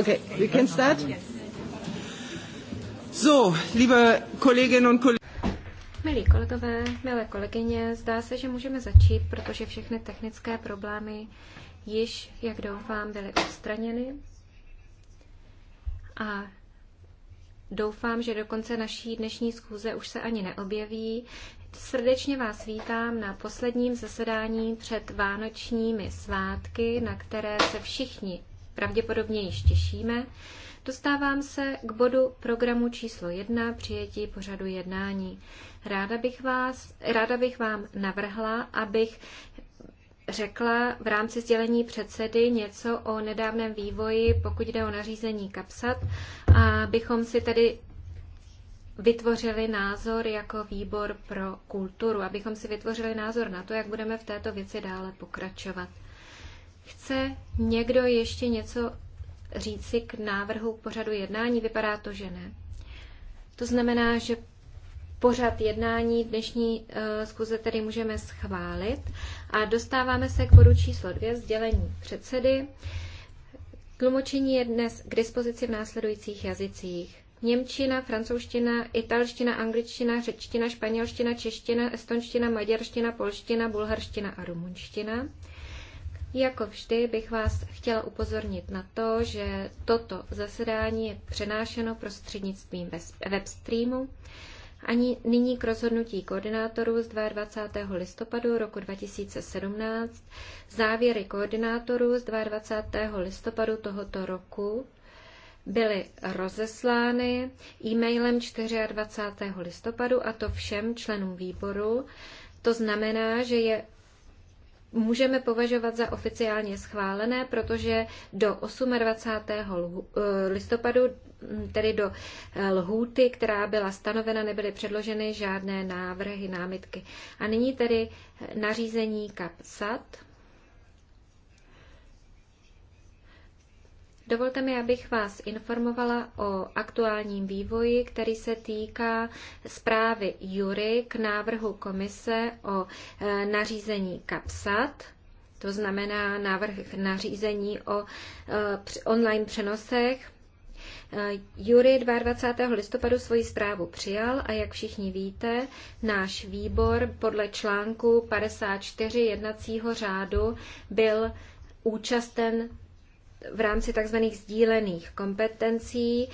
okay, you can start. we can start? So, liebe Kolleginnen und Kollegen. Milí kolegové, milé kolegyně, zdá se, že můžeme začít, protože všechny technické problémy již, jak doufám, byly odstraněny. A doufám, že do konce naší dnešní schůze už se ani neobjeví. Srdečně vás vítám na posledním zasedání před vánočními svátky, na které se všichni pravděpodobně již těšíme. Dostávám se k bodu programu číslo 1 přijetí pořadu jednání. Ráda bych, vás, ráda bych vám navrhla, abych řekla v rámci sdělení předsedy něco o nedávném vývoji, pokud jde o nařízení kapsat, a bychom si tedy vytvořili názor jako výbor pro kulturu, abychom si vytvořili názor na to, jak budeme v této věci dále pokračovat. Chce někdo ještě něco říci k návrhu pořadu jednání? Vypadá to, že ne. To znamená, že pořad jednání dnešní zkuze eh, tedy můžeme schválit a dostáváme se k bodu číslo dvě, sdělení předsedy. Tlumočení je dnes k dispozici v následujících jazycích. Němčina, francouzština, italština, angličtina, řečtina, španělština, čeština, estonština, maďarština, polština, bulharština a rumunština. Jako vždy bych vás chtěla upozornit na to, že toto zasedání je přenášeno prostřednictvím webstreamu. Ani nyní k rozhodnutí koordinátorů z 22. listopadu roku 2017, závěry koordinátorů z 22. listopadu tohoto roku byly rozeslány e-mailem 24. listopadu a to všem členům výboru. To znamená, že je můžeme považovat za oficiálně schválené, protože do 28. Eh, listopadu, hm, tedy do eh, lhůty, která byla stanovena, nebyly předloženy žádné návrhy, námitky. A nyní tedy eh, nařízení CAPSAT. Dovolte mi, abych vás informovala o aktuálním vývoji, který se týká zprávy Jury k návrhu komise o e, nařízení CAPSAT, to znamená návrh nařízení o e, online přenosech e, Jury 22. listopadu svoji zprávu přijal a jak všichni víte, náš výbor podle článku 54 jednacího řádu byl účasten v rámci tzv. sdílených kompetencí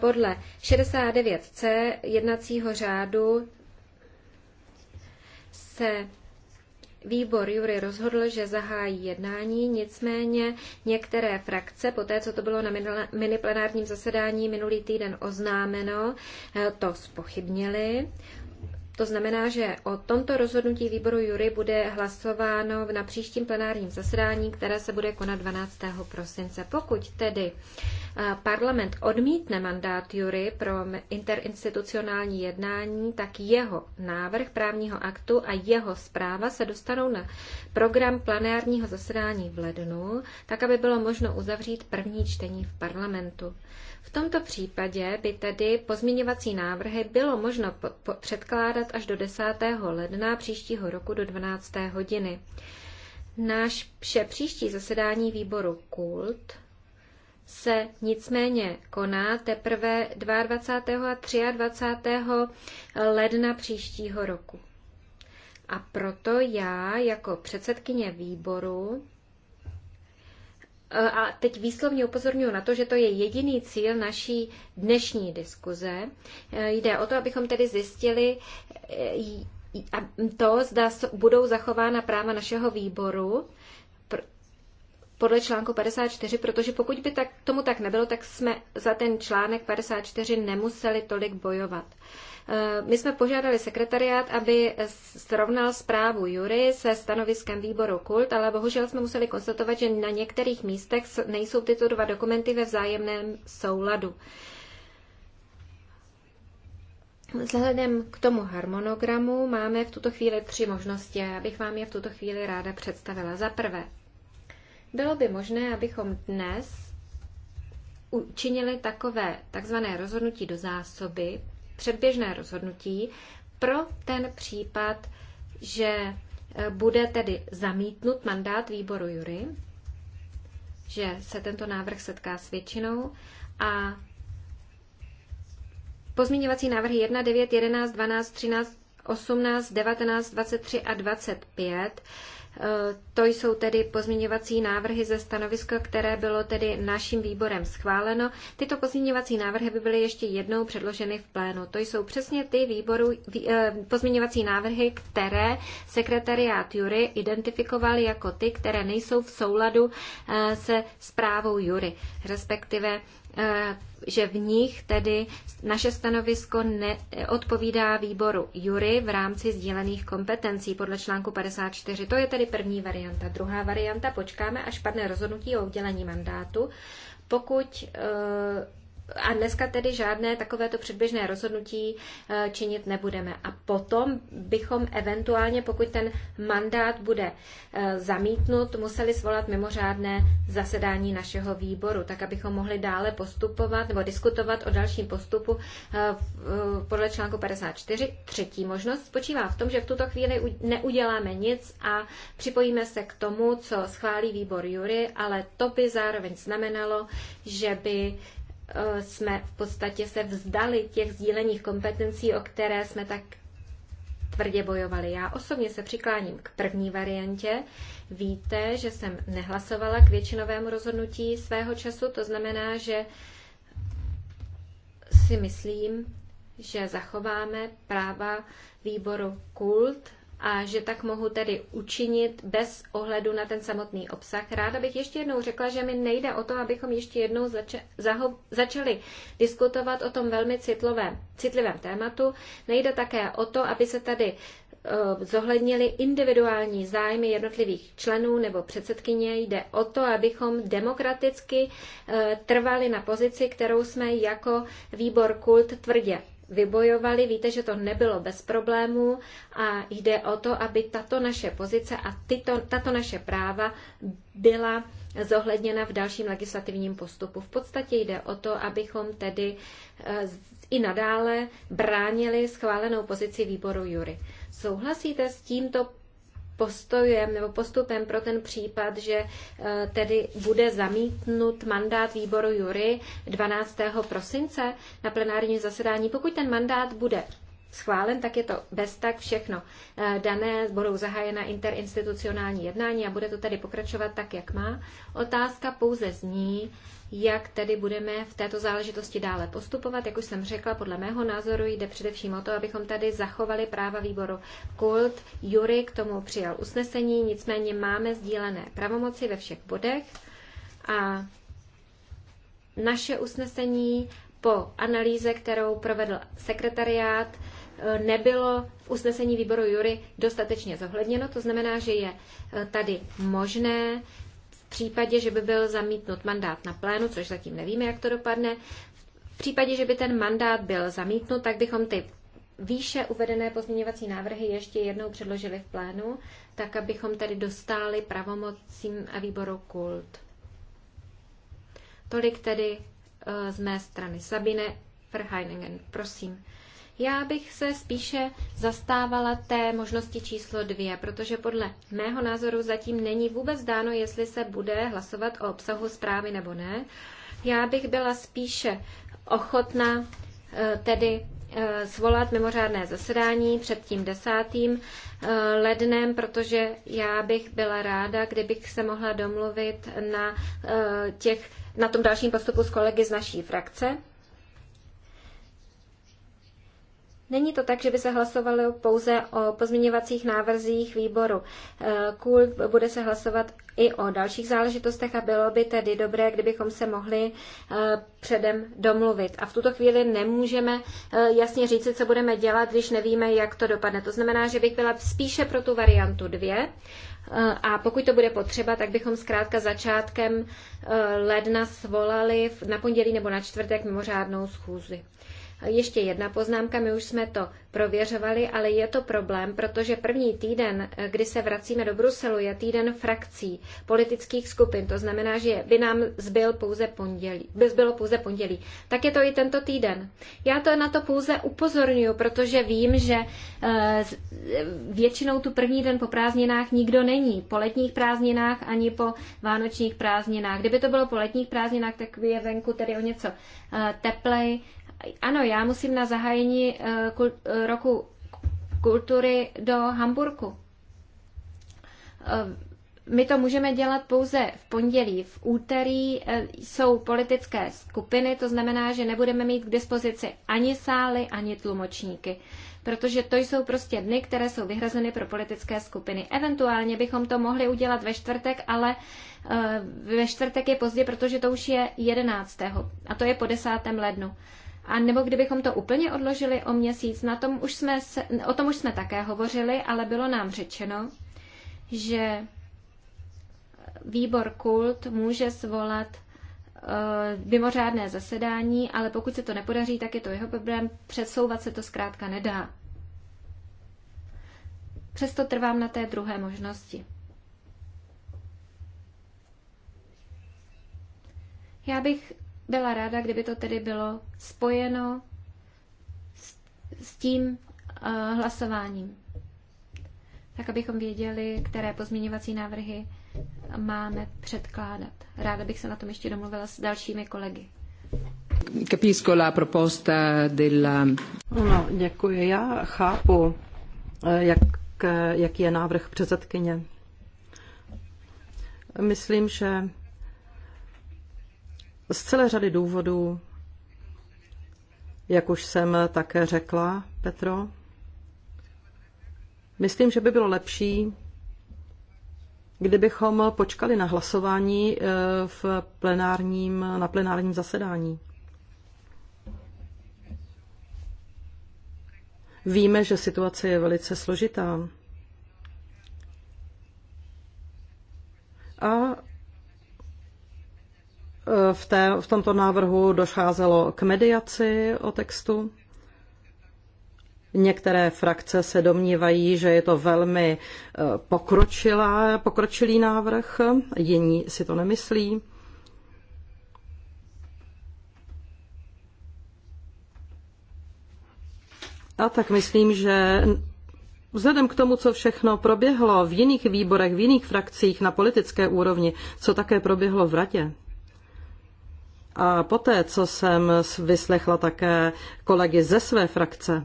podle 69c jednacího řádu se Výbor Jury rozhodl, že zahájí jednání, nicméně některé frakce, po té, co to bylo na miniplenárním zasedání minulý týden oznámeno, eh, to spochybnili. To znamená, že o tomto rozhodnutí výboru Jury bude hlasováno na příštím plenárním zasedání, které se bude konat 12. prosince. Pokud tedy eh, parlament odmítne mandát Jury pro interinstitucionální jednání, tak jeho návrh právního aktu a jeho zpráva se dostanou na program plenárního zasedání v lednu, tak aby bylo možno uzavřít první čtení v parlamentu. V tomto případě by tedy pozměňovací návrhy bylo možno předkládat až do 10. ledna příštího roku do 12. hodiny. vše příští zasedání výboru KULT se nicméně koná teprve 22. a 23. ledna příštího roku. A proto já jako předsedkyně výboru E, a teď výslovně upozorňuji na to, že to je jediný cíl naší dnešní diskuze. E, jde o to, abychom tedy zjistili e, to, zda budou zachována práva našeho výboru podle článku 54, protože pokud by tak, tomu tak nebylo, tak jsme za ten článek 54 nemuseli tolik bojovat. My jsme požádali sekretariát, aby srovnal zprávu Jury se stanoviskem výboru Kult, ale bohužel jsme museli konstatovat, že na některých místech nejsou tyto dva dokumenty ve vzájemném souladu. Vzhledem k tomu harmonogramu máme v tuto chvíli tři možnosti a já bych vám je v tuto chvíli ráda představila. Za prvé, bylo by možné, abychom dnes učinili takové takzvané rozhodnutí do zásoby, předběžné rozhodnutí pro ten případ, že e, bude tedy zamítnut mandát výboru jury, že se tento návrh setká s většinou a pozměňovací návrhy 1, 9, 11, 12, 13, 18, 19, 23 a 25 to jsou tedy pozměňovací návrhy ze stanoviska, které bylo tedy naším výborem schváleno. Tyto pozměňovací návrhy by byly ještě jednou předloženy v plénu. To jsou přesně ty výboru, eh, pozměňovací návrhy, které sekretariát Jury identifikoval jako ty, které nejsou v souladu eh, se zprávou Jury, respektive eh, že v nich tedy naše stanovisko neodpovídá výboru jury v rámci sdílených kompetencí podle článku 54. To je tedy první varianta. Druhá varianta, počkáme, až padne rozhodnutí o udělení mandátu. Pokud eh, a dneska tedy žádné takovéto předběžné rozhodnutí eh, činit nebudeme. A potom bychom eventuálně, pokud ten mandát bude eh, zamítnut, museli svolat mimořádné zasedání našeho výboru, tak abychom mohli dále postupovat nebo diskutovat o dalším postupu eh, podle článku 54. Třetí možnost spočívá v tom, že v tuto chvíli neuděláme nic a připojíme se k tomu, co schválí výbor Jury, ale to by zároveň znamenalo, že by Eh, jsme v podstatě se vzdali těch sdílených kompetencí, o které jsme tak tvrdě bojovali. Já osobně se přikláním k první variantě. Víte, že jsem nehlasovala k většinovému rozhodnutí svého času, to znamená, že si myslím, že zachováme práva výboru kult a že tak mohu tedy učinit bez ohledu na ten samotný obsah. Ráda bych ještě jednou řekla, že mi nejde o to, abychom ještě jednou zača- zaho- začali diskutovat o tom velmi citlivém, citlivém tématu. Nejde také o to, aby se tady e, zohlednili individuální zájmy jednotlivých členů nebo předsedkyně. Jde o to, abychom demokraticky e, trvali na pozici, kterou jsme jako výbor kult tvrdě vybojovali. Víte, že to nebylo bez problémů a jde o to, aby tato naše pozice a tyto, tato naše práva byla zohledněna v dalším legislativním postupu. V podstatě jde o to, abychom tedy eh, i nadále bránili schválenou pozici výboru Jury. Souhlasíte s tímto postojem nebo postupem pro ten případ, že eh, tedy bude zamítnut mandát výboru jury 12. prosince na plenárním zasedání. Pokud ten mandát bude schválen, tak je to bez tak všechno eh, dané, budou zahájena interinstitucionální jednání a bude to tedy pokračovat tak, jak má. Otázka pouze zní, jak tedy budeme v této záležitosti dále postupovat. Jak už jsem řekla, podle mého názoru jde především o to, abychom tady zachovali práva výboru Kult. Jury k tomu přijal usnesení, nicméně máme sdílené pravomoci ve všech bodech a naše usnesení po analýze, kterou provedl sekretariát, e, nebylo v usnesení výboru Jury dostatečně zohledněno. To znamená, že je e, tady možné případě, že by byl zamítnut mandát na plénu, což zatím nevíme, jak to dopadne, v případě, že by ten mandát byl zamítnut, tak bychom ty výše uvedené pozměňovací návrhy ještě jednou předložili v plénu, tak abychom tedy dostali pravomocím a výboru kult. Tolik tedy eh, z mé strany. Sabine Verheiningen, prosím. Já bych se spíše zastávala té možnosti číslo dvě, protože podle mého názoru zatím není vůbec dáno, jestli se bude hlasovat o obsahu zprávy nebo ne. Já bych byla spíše ochotná e, tedy e, zvolat mimořádné zasedání před tím desátým e, lednem, protože já bych byla ráda, kdybych se mohla domluvit na, těch, na tom dalším postupu s kolegy z naší frakce. Není to tak, že by se hlasovalo pouze o pozměňovacích návrzích výboru. Kult eh, bude se hlasovat i o dalších záležitostech a bylo by tedy dobré, kdybychom se mohli eh, předem domluvit. A v tuto chvíli nemůžeme eh, jasně říct, co budeme dělat, když nevíme, jak to dopadne. To znamená, že bych byla spíše pro tu variantu dvě. A pokud to bude potřeba, tak bychom zkrátka začátkem ledna svolali na pondělí nebo na čtvrtek mimořádnou schůzi. Ještě jedna poznámka, my už jsme to prověřovali, ale je to problém, protože první týden, eh, kdy se vracíme do Bruselu, je týden frakcí politických skupin. To znamená, že by nám zbyl pouze pondělí, by zbylo pouze pondělí. Tak je to i tento týden. Já to na to pouze upozorňuji, protože vím, že eh, eh, většinou tu první den po prázdninách nikdo není. Po letních prázdninách ani po vánočních prázdninách. Kdyby to bylo po letních prázdninách, tak by je venku tedy o něco teplej ano, já musím na zahájení eh, eh, roku kultury do Hamburku. Eh, my to můžeme dělat pouze v pondělí. V úterý jsou politické skupiny, to znamená, že nebudeme mít k dispozici ani sály, ani tlumočníky, protože to jsou prostě dny, které jsou vyhrazeny pro politické skupiny. Eventuálně bychom to mohli udělat ve čtvrtek, ale ve čtvrtek je pozdě, protože to už je 11. a to je po 10. lednu. A nebo kdybychom to úplně odložili o měsíc, na tom už jsme se, o tom už jsme také hovořili, ale bylo nám řečeno, že výbor kult může svolat eh, mimořádné zasedání, ale pokud se to nepodaří, tak je to jeho problém. Přesouvat se to zkrátka nedá. Přesto trvám na té druhé možnosti. Já bych byla ráda, kdyby to tedy bylo spojeno s, s tím uh, hlasováním, tak abychom věděli, které pozměňovací návrhy máme předkládat. Ráda bych se na tom ještě domluvila s dalšími kolegy. Capisco la proposta della... No, děkuji. Já chápu, eh, jak, eh, jaký je návrh předsedkyně. Myslím, že z celé řady důvodů, jak už jsem také řekla, Petro, myslím, že by bylo lepší, kdybychom počkali na hlasování eh, v plenárním, na plenárním zasedání. Víme, že situace je velice složitá. A v, té, v tomto návrhu docházelo k mediaci o textu. Některé frakce se domnívají, že je to velmi eh, pokročilá, pokročilý návrh, jiní si to nemyslí. A tak myslím, že Vzhledem k tomu, co všechno proběhlo v jiných výborech, v jiných frakcích na politické úrovni, co také proběhlo v Radě, a poté, co jsem vyslechla také kolegy ze své frakce,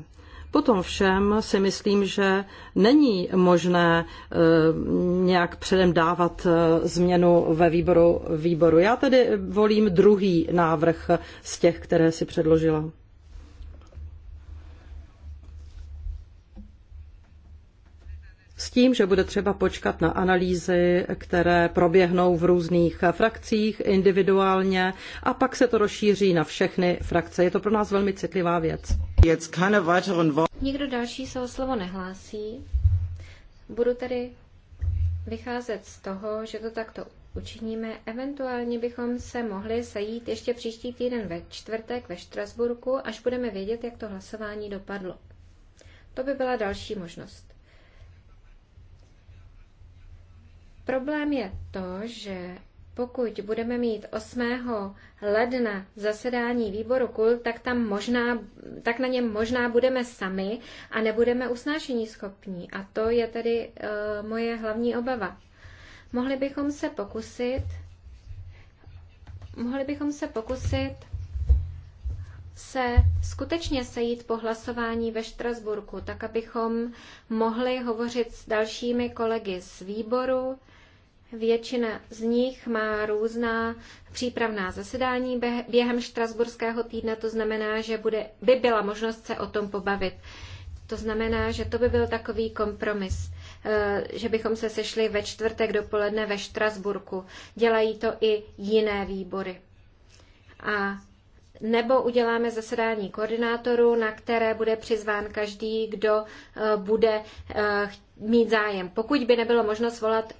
Potom všem si myslím, že není možné e, nějak předem dávat e, změnu ve výboru, výboru. Já tedy volím druhý návrh z těch, které si předložila. s tím, že bude třeba počkat na analýzy, které proběhnou v různých frakcích individuálně a pak se to rozšíří na všechny frakce. Je to pro nás velmi citlivá věc. Nikdo další se o slovo nehlásí. Budu tedy vycházet z toho, že to takto učiníme. Eventuálně bychom se mohli sejít ještě příští týden ve čtvrtek ve Štrasburku, až budeme vědět, jak to hlasování dopadlo. To by byla další možnost. Problém je to, že pokud budeme mít 8. ledna zasedání výboru KUL, tak, tam možná, tak na něm možná budeme sami a nebudeme usnášení schopní. A to je tedy uh, moje hlavní obava. Mohli bychom se pokusit mohli bychom se pokusit se skutečně sejít po hlasování ve Štrasburku, tak abychom mohli hovořit s dalšími kolegy z výboru. Většina z nich má různá přípravná zasedání během štrasburského týdne, to znamená, že bude, by byla možnost se o tom pobavit. To znamená, že to by byl takový kompromis, eh, že bychom se sešli ve čtvrtek dopoledne ve Štrasburku. Dělají to i jiné výbory. A nebo uděláme zasedání koordinátorů, na které bude přizván každý, kdo eh, bude eh, mít zájem. Pokud by nebylo možno svolat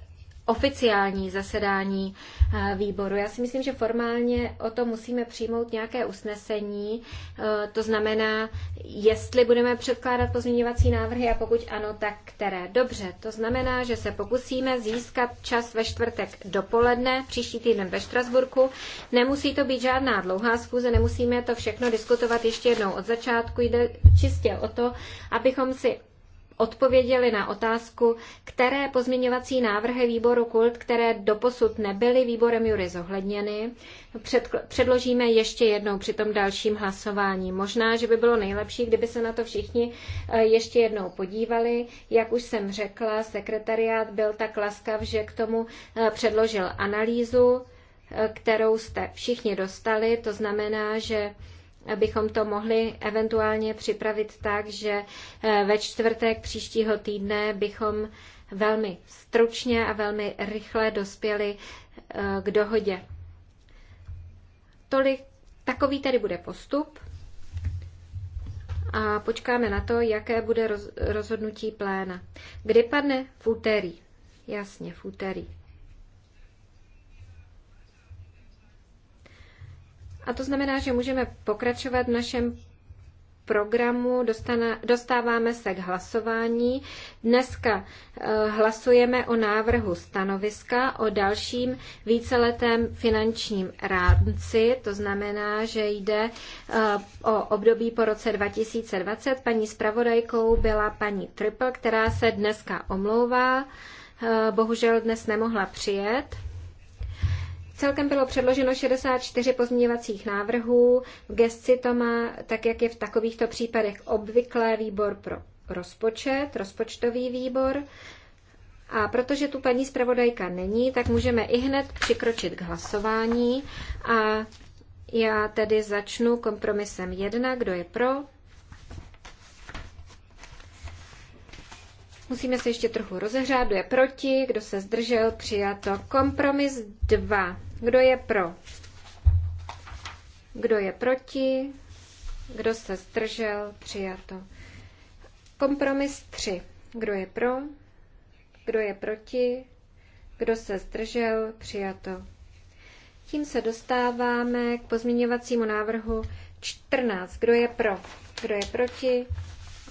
oficiální zasedání eh, výboru. Já si myslím, že formálně o to musíme přijmout nějaké usnesení. Eh, to znamená, jestli budeme předkládat pozměňovací návrhy a pokud ano, tak které. Dobře, to znamená, že se pokusíme získat čas ve čtvrtek dopoledne, příští týden ve Štrasburku. Nemusí to být žádná dlouhá schůze, nemusíme to všechno diskutovat ještě jednou od začátku. Jde čistě o to, abychom si odpověděli na otázku, které pozměňovací návrhy výboru KULT, které doposud nebyly výborem jury zohledněny, předložíme ještě jednou při tom dalším hlasování. Možná, že by bylo nejlepší, kdyby se na to všichni e, ještě jednou podívali. Jak už jsem řekla, sekretariát byl tak laskav, že k tomu e, předložil analýzu, e, kterou jste všichni dostali. To znamená, že abychom to mohli eventuálně připravit tak, že eh, ve čtvrtek příštího týdne bychom velmi stručně a velmi rychle dospěli eh, k dohodě. Tolik, takový tedy bude postup a počkáme na to, jaké bude rozhodnutí pléna. Kdy padne? V úterý. Jasně, v úterý. A to znamená, že můžeme pokračovat v našem programu, dostane, dostáváme se k hlasování. Dneska eh, hlasujeme o návrhu stanoviska o dalším víceletém finančním rámci, to znamená, že jde eh, o období po roce 2020. Paní zpravodajkou byla paní Triple, která se dneska omlouvá, eh, bohužel dnes nemohla přijet. Celkem bylo předloženo 64 pozměňovacích návrhů. V gesci to má, tak jak je v takovýchto případech obvyklé, výbor pro rozpočet, rozpočtový výbor. A protože tu paní zpravodajka není, tak můžeme i hned přikročit k hlasování. A já tedy začnu kompromisem 1. Kdo je pro? Musíme se ještě trochu rozehřát. Kdo je proti? Kdo se zdržel? Přijato. Kompromis 2. Kdo je pro? Kdo je proti? Kdo se zdržel? Přijato. Kompromis 3. Kdo je pro? Kdo je proti? Kdo se zdržel? Přijato. Tím se dostáváme k pozměňovacímu návrhu 14. Kdo je pro? Kdo je proti?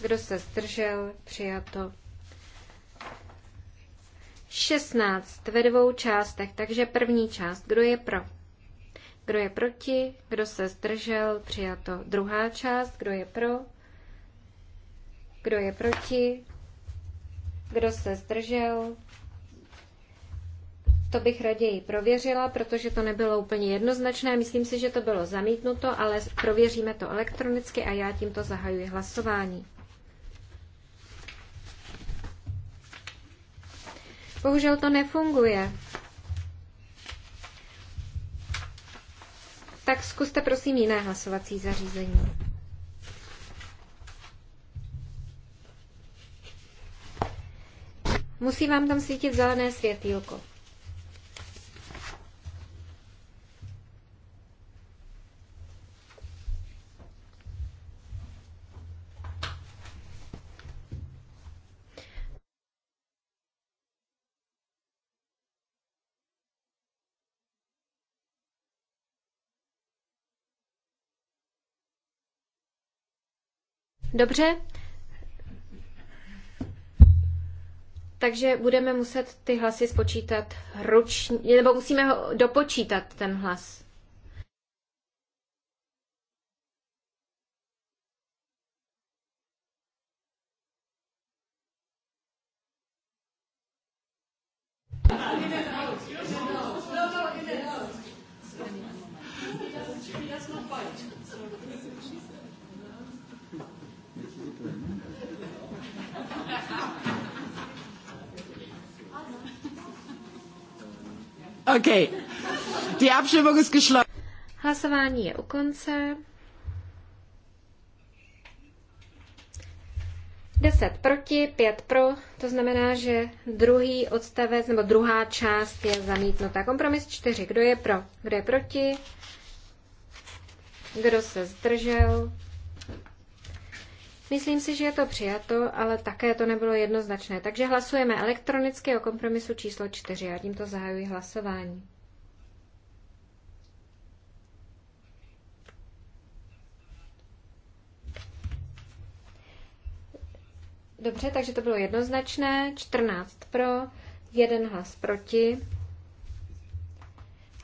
Kdo se zdržel? Přijato. 16 ve dvou částech, takže první část, kdo je pro? Kdo je proti? Kdo se zdržel? Přijato. Druhá část, kdo je pro? Kdo je proti? Kdo se zdržel? To bych raději prověřila, protože to nebylo úplně jednoznačné. Myslím si, že to bylo zamítnuto, ale prověříme to elektronicky a já tímto zahajuji hlasování. Bohužel to nefunguje. Tak zkuste prosím jiné hlasovací zařízení. Musí vám tam svítit zelené světýlko. Dobře. Takže budeme muset ty hlasy spočítat ručně, nebo musíme ho dopočítat ten hlas. Abstimmung ist geschlossen. Hlasování je u konce. 10 proti, 5 pro, to znamená, že druhý odstavec nebo druhá část je zamítnuta. Kompromis 4. Kdo je pro? Kdo je proti? Kdo se zdržel? Myslím si, že je to přijato, ale také to nebylo jednoznačné. Takže hlasujeme elektronicky o kompromisu číslo 4. Já tímto zahajuji hlasování. Dobře, takže to bylo jednoznačné. 14 pro, jeden hlas proti.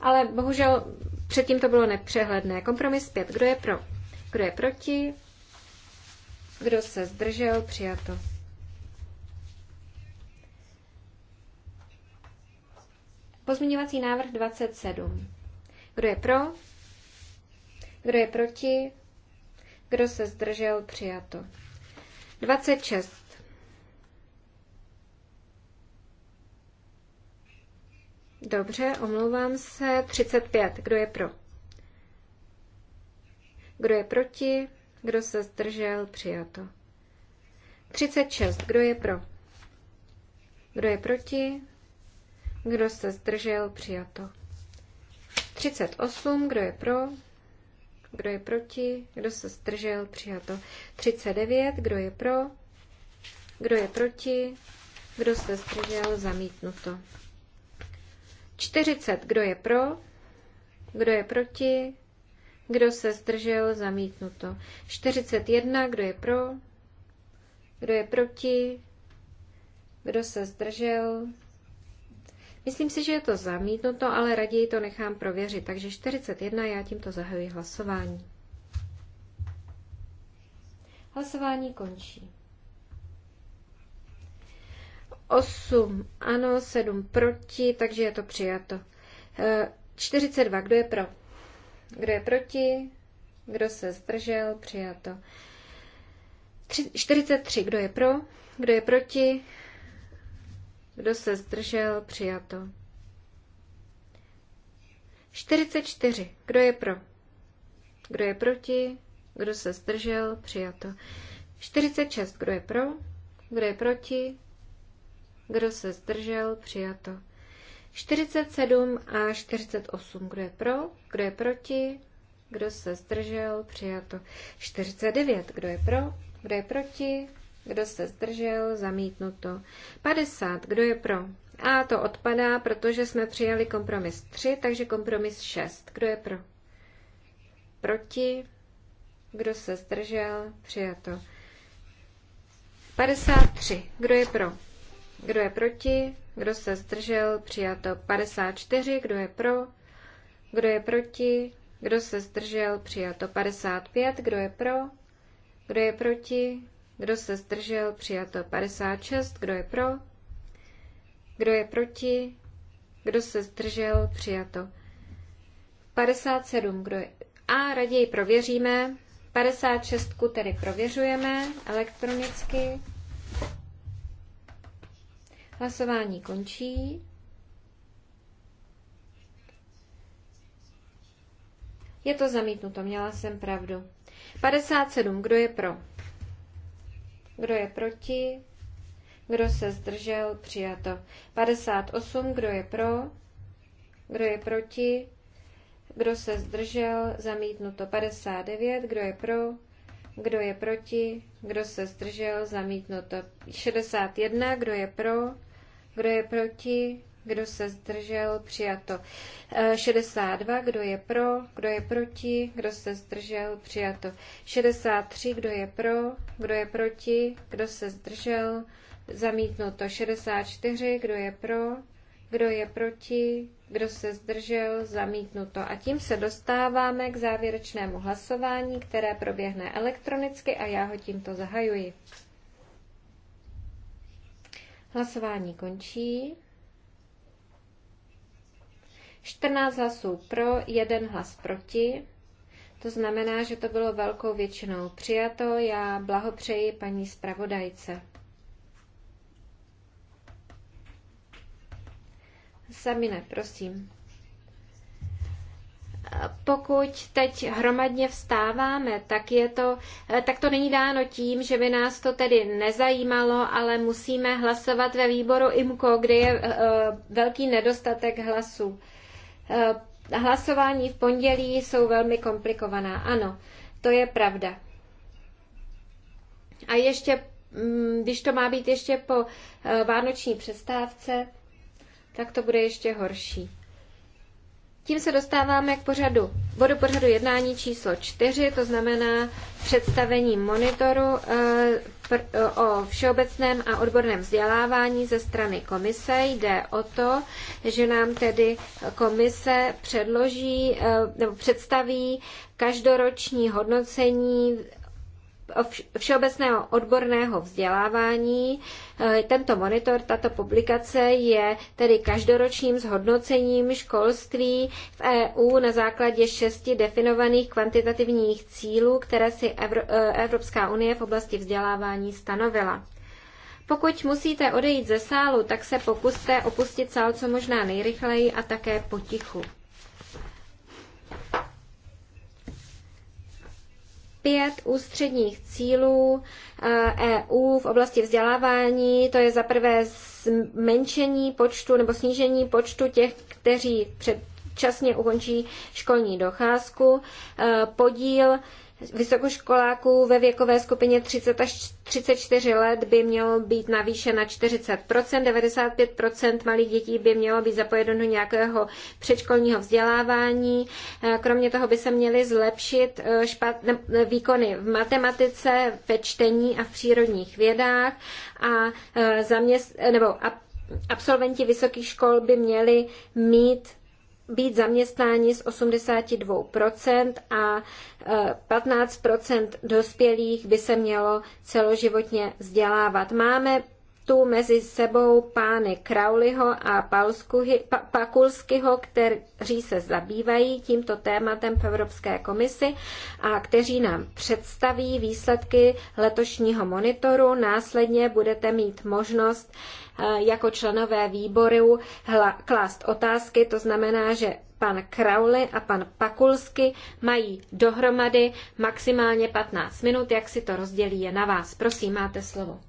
Ale bohužel předtím to bylo nepřehledné. Kompromis 5. Kdo je pro? Kdo je proti? Kdo se zdržel? Přijato. Pozměňovací návrh 27. Kdo je pro? Kdo je proti? Kdo se zdržel? Přijato. 26. Dobře, omlouvám se. 35. Kdo je pro? Kdo je proti? Kdo se zdržel? Přijato. 36. Kdo je pro? Kdo je proti? Kdo se zdržel? Přijato. 38. Kdo je pro? Kdo je proti? Kdo se zdržel? Přijato. 39. Kdo je pro? Kdo je proti? Kdo se zdržel? Zamítnuto. 40. Kdo je pro? Kdo je proti? Kdo se zdržel? Zamítnuto. 41. Kdo je pro? Kdo je proti? Kdo se zdržel? Myslím si, že je to zamítnuto, ale raději to nechám prověřit. Takže 41. Já tímto zahajuji hlasování. Hlasování končí. 8 ano, 7 proti, takže je to přijato. 42, e, kdo je pro? Kdo je proti? Kdo se zdržel? Přijato. 43, kdo je pro? Kdo je proti? Kdo se zdržel? Přijato. 44, kdo je pro? Kdo je proti? Kdo se zdržel? Přijato. 46, kdo je pro? Kdo je proti? Kdo se zdržel? Přijato. 47 a 48. Kdo je pro? Kdo je proti? Kdo se zdržel? Přijato. 49. Kdo je pro? Kdo je proti? Kdo se zdržel? Zamítnuto. 50. Kdo je pro? A to odpadá, protože jsme přijali kompromis 3, takže kompromis 6. Kdo je pro? Proti? Kdo se zdržel? Přijato. 53. Kdo je pro? Kdo je proti? Kdo se zdržel? Přijato 54. Kdo je pro? Kdo je proti? Kdo se zdržel? Přijato 55. Kdo je pro? Kdo je proti? Kdo se zdržel? Přijato 56. Kdo je pro? Kdo je proti? Kdo se zdržel? Přijato 57. Kdo je... A raději prověříme. 56 tedy prověřujeme elektronicky. Hlasování končí. Je to zamítnuto, měla jsem pravdu. 57. Kdo je pro? Kdo je proti? Kdo se zdržel? Přijato. 58. Kdo je pro? Kdo je proti? Kdo se zdržel? Zamítnuto. 59. Kdo je pro? Kdo je proti? Kdo se zdržel? Zamítnuto. 61. Kdo je pro? Kdo je proti? Kdo se zdržel? Přijato. 62. Eh, kdo je pro? Kdo je proti? Kdo se zdržel? Přijato. 63. Kdo je pro? Kdo je proti? Kdo se zdržel? Zamítnuto. 64. Kdo je pro? Kdo je proti? Kdo se zdržel? Zamítnuto. A tím se dostáváme k závěrečnému hlasování, které proběhne elektronicky a já ho tímto zahajuji. Hlasování končí. 14 hlasů pro, 1 hlas proti. To znamená, že to bylo velkou většinou přijato. Já blahopřeji paní zpravodajce. Samine, prosím pokud teď hromadně vstáváme, tak, je to, tak to není dáno tím, že by nás to tedy nezajímalo, ale musíme hlasovat ve výboru IMKO, kde je eh, velký nedostatek hlasů. Eh, hlasování v pondělí jsou velmi komplikovaná. Ano, to je pravda. A ještě, mm, když to má být ještě po eh, vánoční přestávce, tak to bude ještě horší. Tím se dostáváme k pořadu, bodu pořadu jednání číslo 4, to znamená představení monitoru eh, eh, o všeobecném a odborném vzdělávání ze strany komise. Jde o to, že nám tedy komise předloží eh, nebo představí každoroční hodnocení všeobecného odborného vzdělávání. E, tento monitor, tato publikace je tedy každoročním zhodnocením školství v EU na základě šesti definovaných kvantitativních cílů, které si e, Evropská unie v oblasti vzdělávání stanovila. Pokud musíte odejít ze sálu, tak se pokuste opustit sál co možná nejrychleji a také potichu pět ústředních cílů EU eh, e v oblasti vzdělávání. To je za prvé zmenšení počtu nebo snížení počtu těch, kteří předčasně ukončí školní docházku, eh, podíl vysokoškoláků ve věkové skupině 30 až 34 let by mělo být navýšen na 40 95 malých dětí by mělo být zapojeno do nějakého předškolního vzdělávání. Eh, kromě toho by se měly zlepšit eh, špatné výkony v matematice, ve čtení a v přírodních vědách a eh, zaměst, nebo absolventi vysokých škol by měli mít být zaměstnáni z 82% a 15% e, dospělých by se mělo celoživotně vzdělávat. Máme tu mezi sebou pány Krauliho a Palskuhy, Pakulskyho, kteří se zabývají tímto tématem v Evropské komisi a kteří nám představí výsledky letošního monitoru. Následně budete mít možnost uh, E, jako členové výboru klást otázky, to znamená, že pan Krauli a pan Pakulsky mají dohromady maximálně 15 minut, jak si to rozdělí, je na vás. Prosím, máte slovo.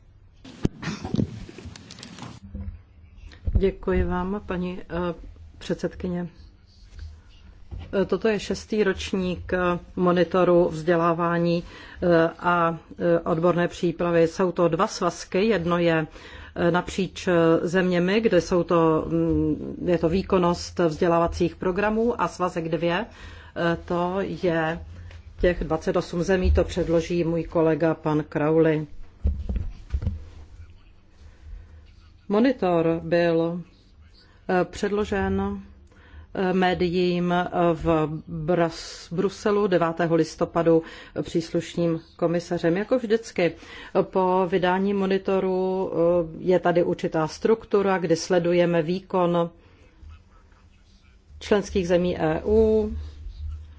Děkuji vám, paní e, předsedkyně. E, toto je šestý ročník monitoru vzdělávání a odborné přípravy. Jsou to dva svazky. Jedno je Eh, napříč eh, zeměmi, kde jsou to, mm, je to výkonnost vzdělávacích programů a svazek 2, eh, to je těch 28 zemí, to předloží můj kolega pan Crowley. Monitor byl předložen médiím v Bruselu 9. listopadu příslušným komisařem. Jako vždycky po vydání monitoru eh, je tady určitá struktura, kdy sledujeme výkon členských zemí EU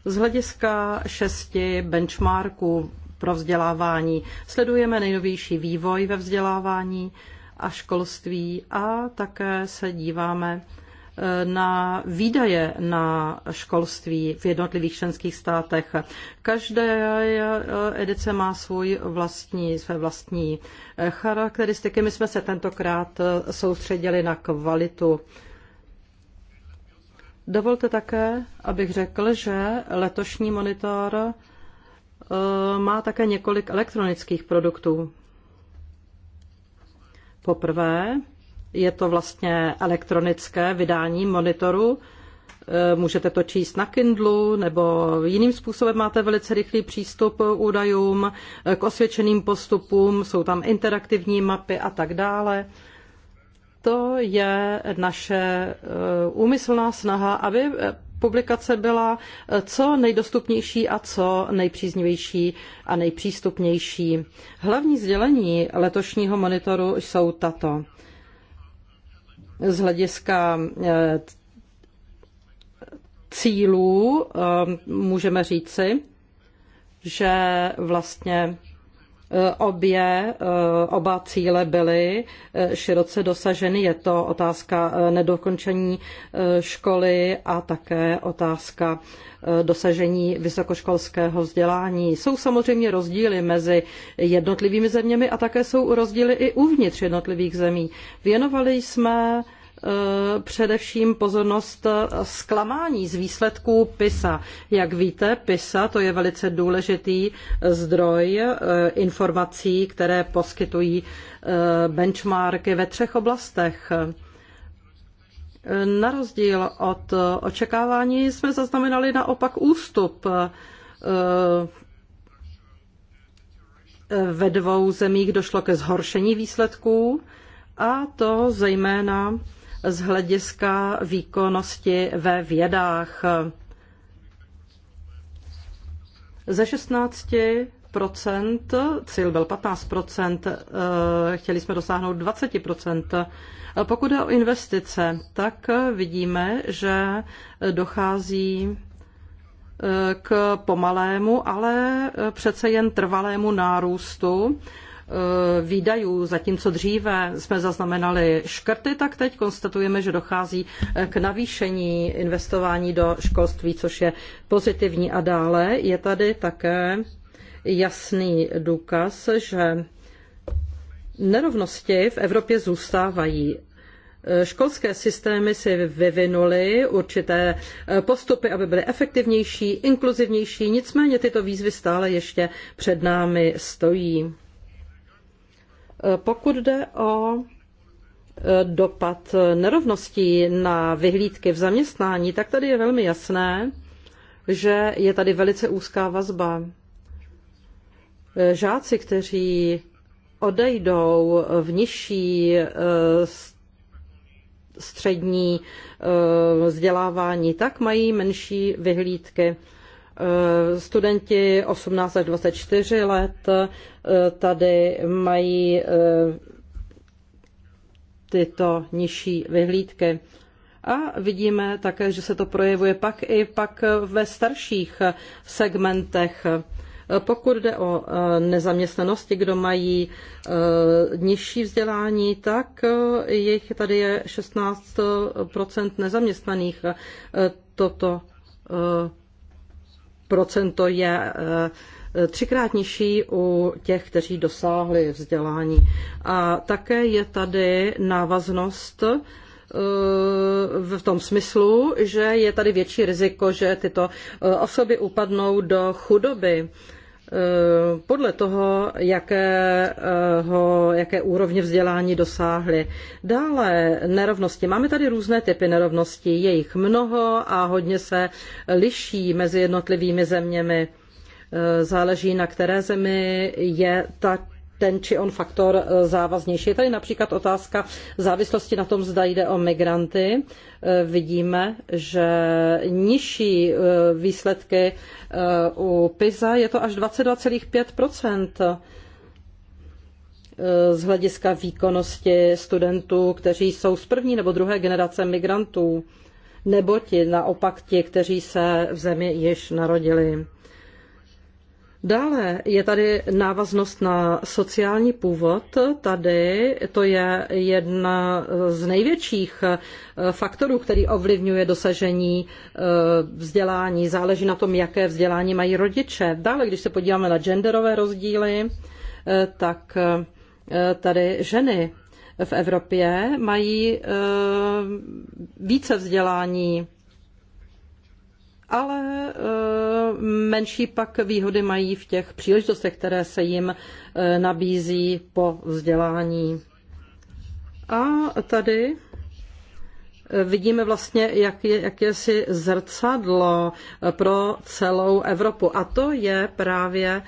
z hlediska šesti benchmarků pro vzdělávání. Sledujeme nejnovější vývoj ve vzdělávání a školství a také se díváme na výdaje na školství v jednotlivých členských státech. Každé edice má svůj vlastní, své vlastní eh, charakteristiky. My jsme se tentokrát eh, soustředili na kvalitu Dovolte také, abych řekl, že letošní monitor eh, má také několik elektronických produktů. Poprvé je to vlastně elektronické vydání monitoru. E, můžete to číst na Kindlu nebo jiným způsobem máte velice rychlý přístup k údajům, e, k osvědčeným postupům, jsou tam interaktivní mapy a tak dále. To je naše e, úmyslná snaha, aby publikace byla co nejdostupnější a co nejpříznivější a nejpřístupnější. Hlavní sdělení letošního monitoru jsou tato z hlediska eh, cílů eh, můžeme říci, že vlastně Eh, obě, eh, oba cíle byly eh, široce dosaženy. Je to otázka nedokončení školy a také otázka dosažení vysokoškolského vzdělání. Jsou samozřejmě rozdíly mezi jednotlivými zeměmi a také jsou rozdíly i uvnitř jednotlivých zemí. Věnovali jsme Eh, především pozornost eh, zklamání z výsledků PISA. Jak víte, PISA to je velice důležitý eh, zdroj informací, které poskytují benchmarky ve třech oblastech. Na rozdíl od očekávání jsme zaznamenali naopak ústup ve dvou zemích došlo ke zhoršení výsledků, a to zejména z hlediska výkonnosti ve vědách. Ze 16 cíl byl 15 eh, chtěli jsme dosáhnout 20 Pokud je o investice, tak vidíme, že dochází eh, k pomalému, ale přece jen trvalému nárůstu Eh, výdajů, zatímco dříve jsme zaznamenali škrty, tak teď konstatujeme, že dochází eh, k navýšení investování do školství, což je pozitivní. A dále je tady také jasný důkaz, že nerovnosti v Evropě zůstávají. Eh, školské systémy si vyvinuly určité postupy, aby byly efektivnější, inkluzivnější, nicméně tyto výzvy stále ještě před námi stojí. Pokud jde o e, dopad nerovností na vyhlídky v zaměstnání, tak tady je velmi jasné, že je tady velice úzká vazba. E, žáci, kteří odejdou v nižší e, střední vzdělávání, tak mají menší vyhlídky Eh, studenti 18 až 24 let eh, tady mají eh, tyto nižší vyhlídky. A vidíme také, že se to projevuje pak i pak ve starších segmentech. Pokud jde o nezaměstnanosti, kdo mají nižší vzdělání, tak jich tady je 16 nezaměstnaných. Toto procento je eh, třikrát nižší u těch, kteří dosáhli vzdělání. A také je tady návaznost eh, v tom smyslu, že je tady větší riziko, že tyto eh, osoby upadnou do chudoby Eh, podle toho, jakého, jaké úrovně vzdělání dosáhly, Dále nerovnosti. Máme tady různé typy nerovností, je jich mnoho a hodně se liší mezi jednotlivými zeměmi eh, záleží, na které zemi je ta ten či on faktor eh, závaznější. Je tady například otázka závislosti na tom, zda jde o migranty. Eh, vidíme, že nižší eh, výsledky u PISA je to až 22,5 z hlediska výkonnosti studentů, kteří jsou z první nebo druhé generace migrantů, nebo ti naopak ti, kteří se v zemi již narodili. Dále je tady návaznost na sociální původ. Tady to je jedna z největších eh, faktorů, který ovlivňuje dosažení eh, vzdělání. Záleží na tom, jaké vzdělání mají rodiče. Dále, když se podíváme na genderové rozdíly, eh, tak tady ženy v Evropě mají více vzdělání ale eh, menší pak výhody mají v těch příležitostech, které se jim eh, nabízí po vzdělání. A tady eh, vidíme vlastně, jak je, jakési zrcadlo pro celou Evropu. A to je právě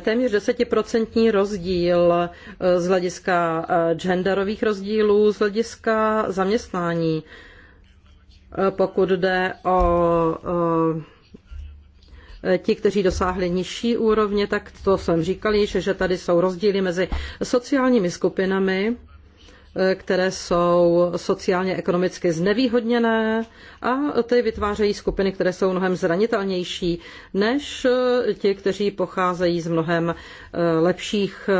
téměř desetiprocentní rozdíl z hlediska genderových rozdílů, z hlediska zaměstnání. Eh, pokud jde o eh, eh, ti, kteří dosáhli nižší úrovně, tak to jsem říkal již, že tady jsou rozdíly mezi sociálními skupinami, které jsou sociálně ekonomicky znevýhodněné a ty vytvářejí skupiny, které jsou mnohem zranitelnější než ti, kteří pocházejí z mnohem lepších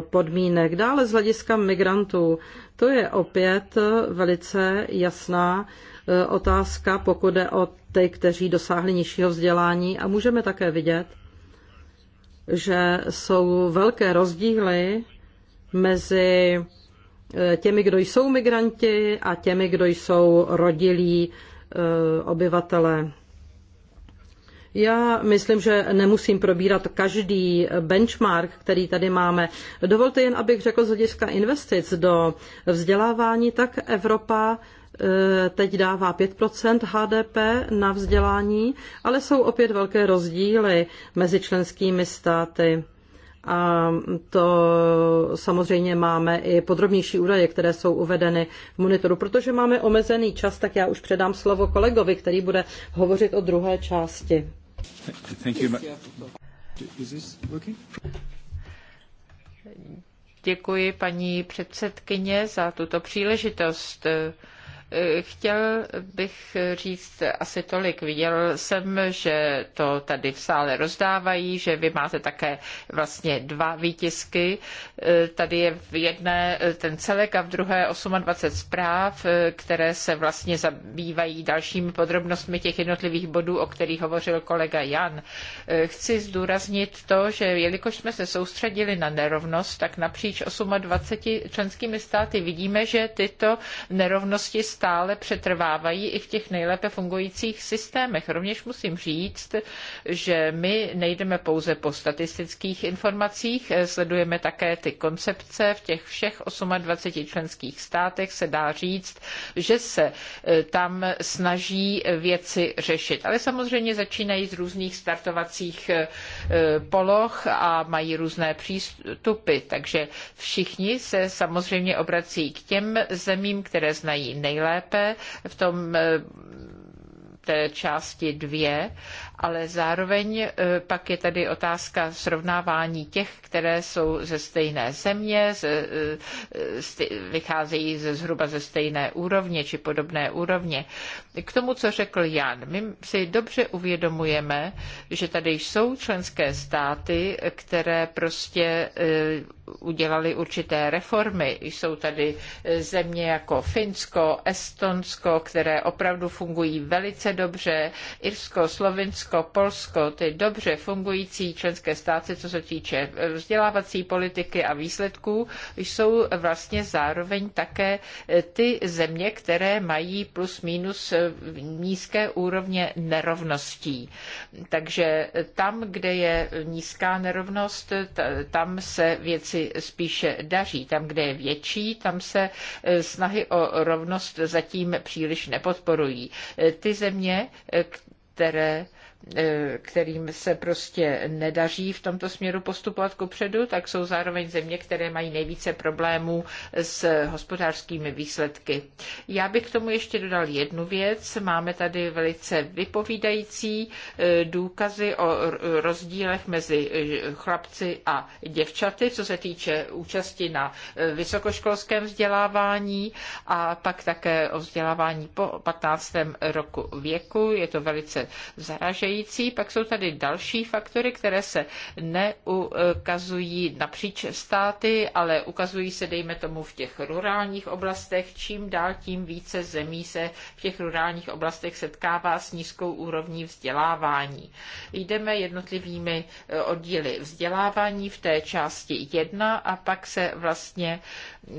podmínek. Dále z hlediska migrantů, to je opět velice jasná E, otázka, pokud jde o ty, kteří dosáhli nižšího vzdělání. A můžeme také vidět, že jsou velké rozdíly mezi e, těmi, kdo jsou migranti a těmi, kdo jsou rodilí e, obyvatele. Já myslím, že nemusím probírat každý benchmark, který tady máme. Dovolte jen, abych řekl z hlediska investic do vzdělávání, tak Evropa Eh, teď dává 5% HDP na vzdělání, ale jsou opět velké rozdíly mezi členskými státy. A to samozřejmě máme i podrobnější údaje, které jsou uvedeny v monitoru. Protože máme omezený čas, tak já už předám slovo kolegovi, který bude hovořit o druhé části. Děkuji paní předsedkyně za tuto příležitost. Chtěl bych říct asi tolik. Viděl jsem, že to tady v sále rozdávají, že vy máte také vlastně dva výtisky. Tady je v jedné ten celek a v druhé 28 zpráv, které se vlastně zabývají dalšími podrobnostmi těch jednotlivých bodů, o kterých hovořil kolega Jan. Chci zdůraznit to, že jelikož jsme se soustředili na nerovnost, tak napříč 28 členskými státy vidíme, že tyto nerovnosti stále přetrvávají i v těch nejlépe fungujících systémech. Rovněž musím říct, že my nejdeme pouze po statistických informacích, sledujeme také ty koncepce. V těch všech 28 členských státech se dá říct, že se eh, tam snaží věci řešit. Ale samozřejmě začínají z různých startovacích eh, eh, poloh a mají různé přístupy, takže všichni se samozřejmě obrací k těm zemím, které znají nejlépe lépe v tom eh, té části dvě, ale zároveň eh, pak je tady otázka srovnávání těch, které jsou ze stejné země, ze, eh, vycházejí ze, zhruba ze stejné úrovně či podobné úrovně. K tomu, co řekl Jan, my si dobře uvědomujeme, že tady jsou členské státy, které prostě e, udělali určité reformy. Jsou tady e, země jako Finsko, Estonsko, které opravdu fungují velice dobře, Irsko, Slovinsko, Polsko, ty dobře fungující členské státy, co se týče e, vzdělávací politiky a výsledků, jsou vlastně zároveň také ty země, které mají plus minus nízké úrovně nerovností. Takže tam, kde je nízká nerovnost, tam se věci spíše daří. Tam, kde je větší, tam se e, snahy o rovnost zatím příliš nepodporují. E, ty země, e, které E, kterým se prostě nedaří v tomto směru postupovat kupředu, tak jsou zároveň země, které mají nejvíce problémů s hospodářskými výsledky. Já bych k tomu ještě dodal jednu věc. Máme tady velice vypovídající e, důkazy o rozdílech mezi e, chlapci a děvčaty, co se týče účasti na vysokoškolském vzdělávání a pak také o vzdělávání po 15. roku věku. Je to velice zaražející předsedající. Pak jsou tady další faktory, které se neukazují napříč státy, ale ukazují se, dejme tomu, v těch rurálních oblastech. Čím dál tím více zemí se v těch rurálních oblastech setkává s nízkou úrovní vzdělávání. Jdeme jednotlivými eh, oddíly vzdělávání v té části 1 a pak se vlastně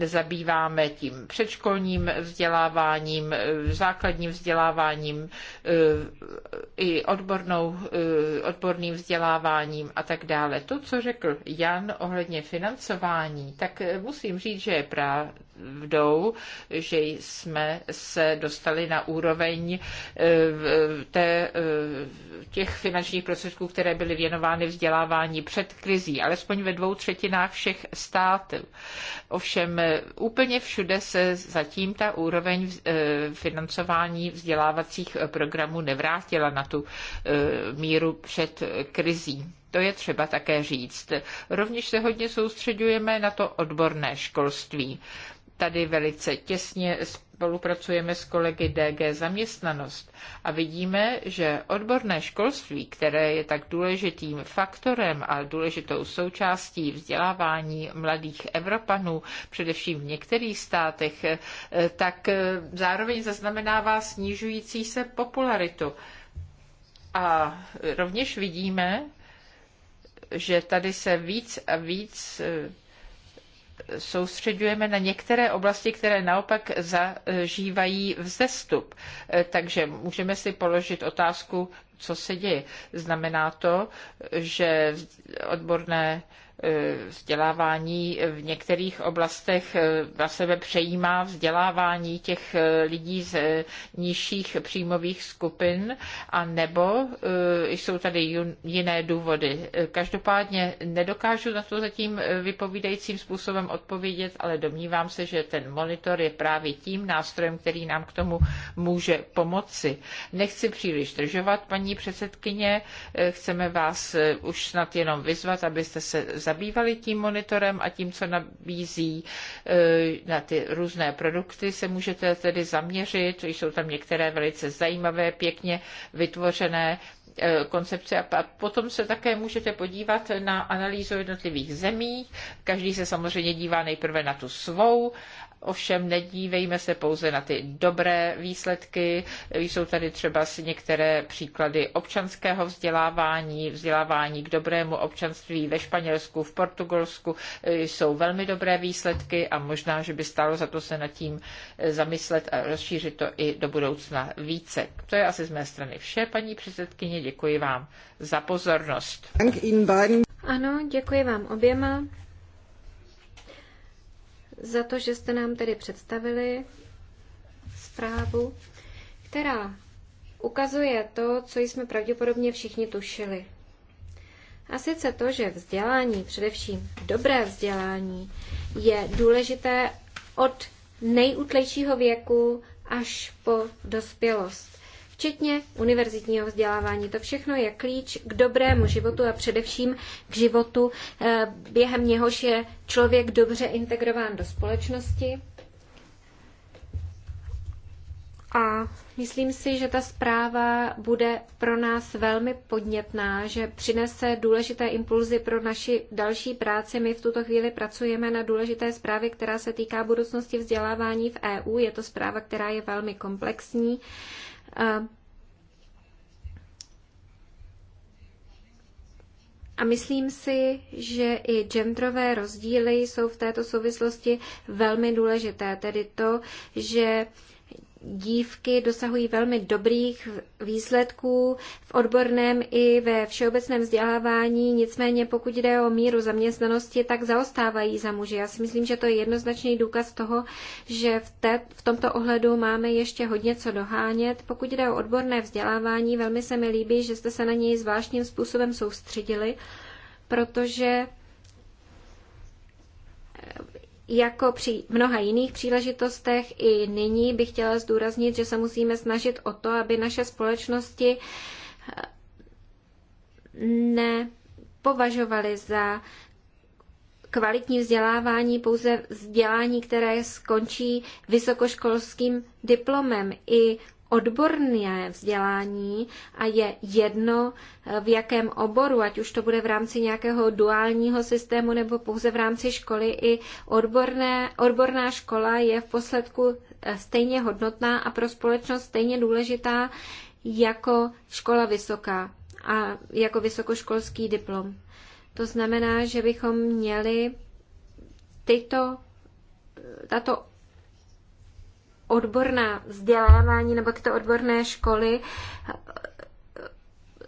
zabýváme tím předškolním vzděláváním, e, základním vzděláváním e, i odbornou, e, odborným vzděláváním a tak dále. To, co řekl Jan ohledně financování, tak musím říct, že je pravda pravdou, že jsme se dostali na úroveň eh, té, eh, těch finančních prostředků, které byly věnovány vzdělávání před krizí, alespoň ve dvou třetinách všech států. Ovšem eh, úplně všude se zatím ta úroveň financování vzdělávacích programů nevrátila na tu míru před krizí. To je třeba také říct. Rovněž se hodně soustředujeme na to odborné školství tady velice těsně spolupracujeme s kolegy DG Zaměstnanost a vidíme, že odborné školství, které je tak důležitým faktorem a důležitou součástí vzdělávání mladých Evropanů, především v některých státech, eh, tak eh, zároveň zaznamenává snižující se popularitu. A rovněž vidíme, že tady se víc a víc eh, soustředujeme na některé oblasti, které naopak zažívají vzestup. E, takže můžeme si položit otázku, co se děje. Znamená to, že odborné Eh, vzdělávání v některých oblastech eh, na sebe přejímá vzdělávání těch eh, lidí z nižších příjmových skupin a nebo jsou tady jiné důvody. Každopádně nedokážu na to zatím vypovídajícím způsobem odpovědět, ale domnívám se, že ten monitor je právě tím nástrojem, který nám k tomu může pomoci. Nechci příliš držovat, paní předsedkyně, chceme vás už snad jenom vyzvat, abyste se zabývali tím monitorem a tím, co nabízí e, na ty různé produkty, se můžete tedy zaměřit. Jsou tam některé velice zajímavé, pěkně vytvořené e, koncepce a potom se také můžete podívat na analýzu jednotlivých zemí. Každý se samozřejmě dívá nejprve na tu svou Ovšem nedívejme se pouze na ty dobré výsledky. Jsou tady třeba některé příklady občanského vzdělávání, vzdělávání k dobrému občanství ve Španělsku, v Portugalsku. E, jsou velmi dobré výsledky a možná, že by stálo za to se nad tím e, zamyslet a rozšířit to i do budoucna více. To je asi z mé strany vše, paní předsedkyně. Děkuji vám za pozornost. Ano, děkuji vám oběma za to, že jste nám tedy představili zprávu, která ukazuje to, co jsme pravděpodobně všichni tušili. A sice to, že vzdělání, především dobré vzdělání, je důležité od nejutlejšího věku až po dospělost včetně univerzitního vzdělávání. To všechno je klíč k dobrému životu a především k životu, eh, během něhož je člověk dobře integrován do společnosti. A myslím si, že ta zpráva bude pro nás velmi podnětná, že přinese důležité impulzy pro naši další práci. My v tuto chvíli pracujeme na důležité zprávě, která se týká budoucnosti vzdělávání v EU. Je to zpráva, která je velmi komplexní. A, a myslím si, že i genderové rozdíly jsou v této souvislosti velmi důležité, tedy to, že dívky dosahují velmi dobrých výsledků v odborném i ve všeobecném vzdělávání, nicméně pokud jde o míru zaměstnanosti, tak zaostávají za muži. Já si myslím, že to je jednoznačný důkaz toho, že v, té, v tomto ohledu máme ještě hodně co dohánět. Pokud jde o odborné vzdělávání, velmi se mi líbí, že jste se na něj zvláštním způsobem soustředili, protože jako při mnoha jiných příležitostech i nyní bych chtěla zdůraznit, že se musíme snažit o to, aby naše společnosti eh, nepovažovaly za kvalitní vzdělávání pouze vzdělání, které skončí vysokoškolským diplomem. I odborné vzdělání a je jedno, eh, v jakém oboru, ať už to bude v rámci nějakého duálního systému nebo pouze v rámci školy, i odborné, odborná škola je v posledku eh, stejně hodnotná a pro společnost stejně důležitá jako škola vysoká a jako vysokoškolský diplom. To znamená, že bychom měli tyto, eh, tato odborná vzdělávání nebo tyto odborné školy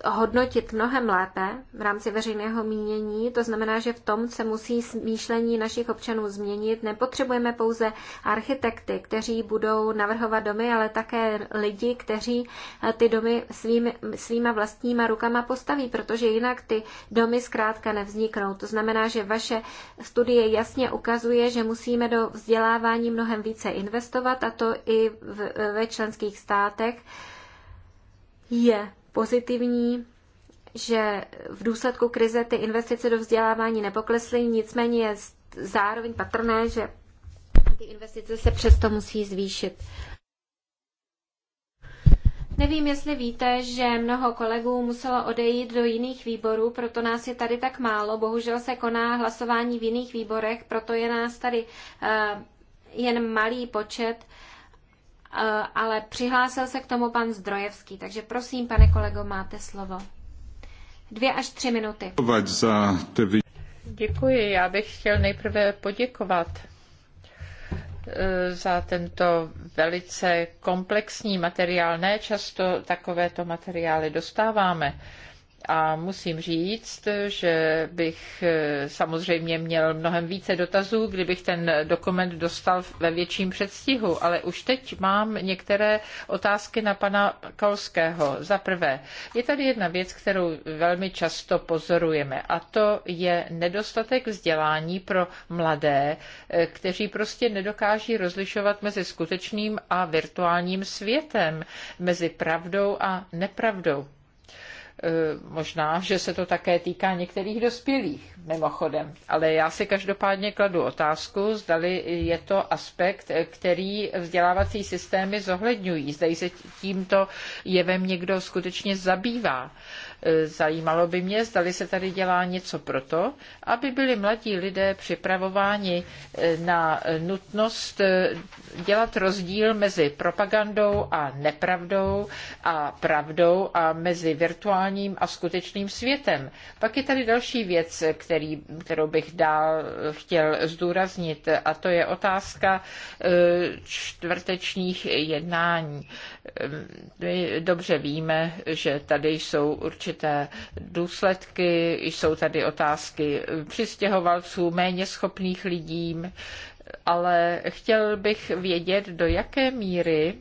hodnotit mnohem lépe v rámci veřejného mínění. To znamená, že v tom se musí smýšlení našich občanů změnit. Nepotřebujeme pouze architekty, kteří budou navrhovat domy, ale také lidi, kteří eh, ty domy svými, svýma vlastníma rukama postaví, protože jinak ty domy zkrátka nevzniknou. To znamená, že vaše studie jasně ukazuje, že musíme do vzdělávání mnohem více investovat, a to i v, ve členských státech. Je pozitivní, že v důsledku krize ty investice do vzdělávání nepoklesly, nicméně je zároveň patrné, že ty investice se přesto musí zvýšit. Nevím, jestli víte, že mnoho kolegů muselo odejít do jiných výborů, proto nás je tady tak málo. Bohužel se koná hlasování v jiných výborech, proto je nás tady uh, jen malý počet. Uh, Eh, ale přihlásil se k tomu pan Zdrojevský, takže prosím, pane kolego, máte slovo. Dvě až tři minuty. Děkuji, já bych chtěl nejprve poděkovat eh, za tento velice komplexní materiál. Ne často takovéto materiály dostáváme. A musím říct, že bych eh, samozřejmě měl mnohem více dotazů, kdybych ten dokument dostal ve větším předstihu, ale už teď mám některé otázky na pana Kalského. Za prvé, je tady jedna věc, kterou velmi často pozorujeme, a to je nedostatek vzdělání pro mladé, eh, kteří prostě nedokáží rozlišovat mezi skutečným a virtuálním světem, mezi pravdou a nepravdou. Eh, možná, že se to také týká některých dospělých, mimochodem. Ale já si každopádně kladu otázku, zdali je to aspekt, eh, který vzdělávací systémy zohledňují. Zdají se tímto jevem někdo skutečně zabývá. Zajímalo by mě, zdali se tady dělá něco proto, aby byli mladí lidé připravováni eh, na nutnost eh, dělat rozdíl mezi propagandou a nepravdou a pravdou a mezi virtuálním a skutečným světem. Pak je tady další věc, který, kterou bych dál chtěl zdůraznit a to je otázka eh, čtvrtečních jednání. My dobře víme, že tady jsou určité určité důsledky. Jsou tady otázky přistěhovalců, méně schopných lidí, ale chtěl bych vědět, do jaké míry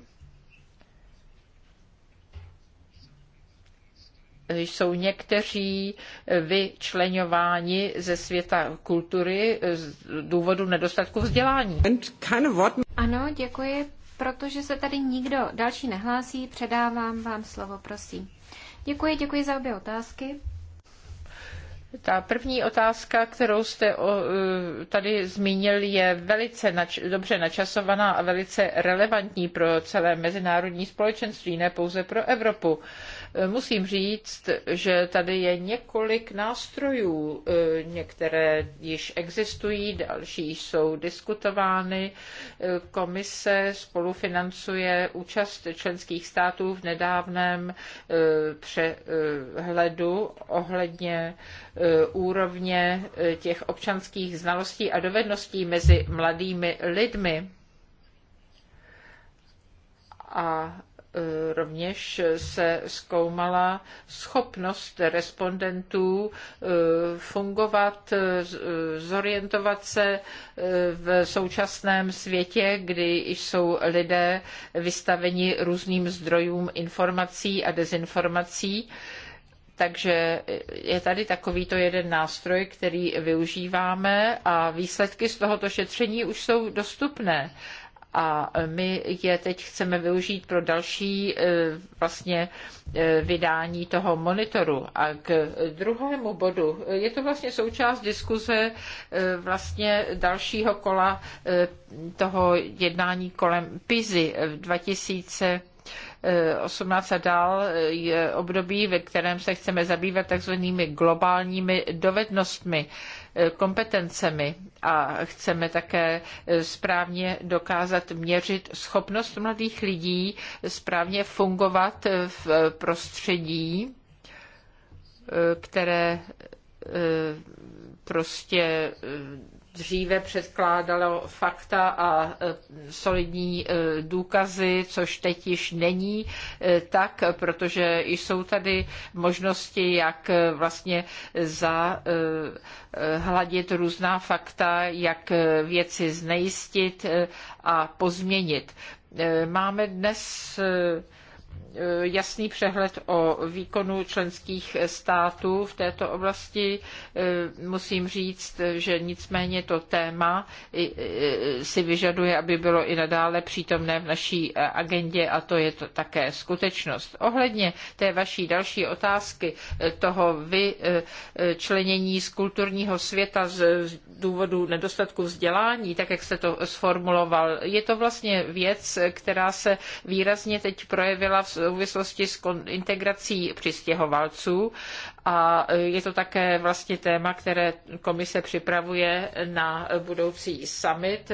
jsou někteří vyčlenováni ze světa kultury z důvodu nedostatku vzdělání. Ano, děkuji. Protože se tady nikdo další nehlásí, předávám vám slovo, prosím. Děkuji, děkuji za obě otázky. Ta první otázka, kterou jste e, tady zmínil, je velice nač, dobře načasovaná a velice relevantní pro celé mezinárodní společenství, ne pouze pro Evropu. Musím říct, že tady je několik nástrojů. E, některé již existují, další jsou diskutovány. E, komise spolufinancuje účast členských států v nedávném e, přehledu ohledně úrovně těch občanských znalostí a dovedností mezi mladými lidmi. A Eh, rovněž se zkoumala schopnost respondentů eh, fungovat, eh, zorientovat se v současném světě, kdy jsou lidé vystaveni různým zdrojům informací a dezinformací. Takže je tady takovýto jeden nástroj, který využíváme a výsledky z tohoto šetření už jsou dostupné a my je teď chceme využít pro další e, vlastně e, vydání toho monitoru. A k druhému bodu, je to vlastně součást diskuze e, vlastně dalšího kola toho jednání kolem PIZY v 2000 18 a dál je období, ve kterém se chceme zabývat takzvanými globálními dovednostmi kompetencemi a chceme také eh, správně dokázat měřit schopnost mladých lidí správně fungovat eh, v prostředí, eh, které prostě dříve předkládalo fakta a e, solidní e, důkazy, což teď již není e, tak, protože jsou tady možnosti, jak vlastně zahladit různá fakta, jak věci znejistit a pozměnit. Máme dnes jasný přehled o výkonu členských států v této oblasti. Eh, musím říct, že nicméně to téma eh, eh, si vyžaduje, aby bylo i nadále přítomné v naší agendě a to je to také skutečnost. Ohledně té vaší další otázky, toho vyčlenění z kulturního světa z důvodu nedostatku vzdělání, tak jak jste to sformuloval, je to vlastně věc, která se výrazně teď projevila v souvislosti s integrací přistěhovalců a je to také vlastně téma, které komise připravuje na budoucí summit.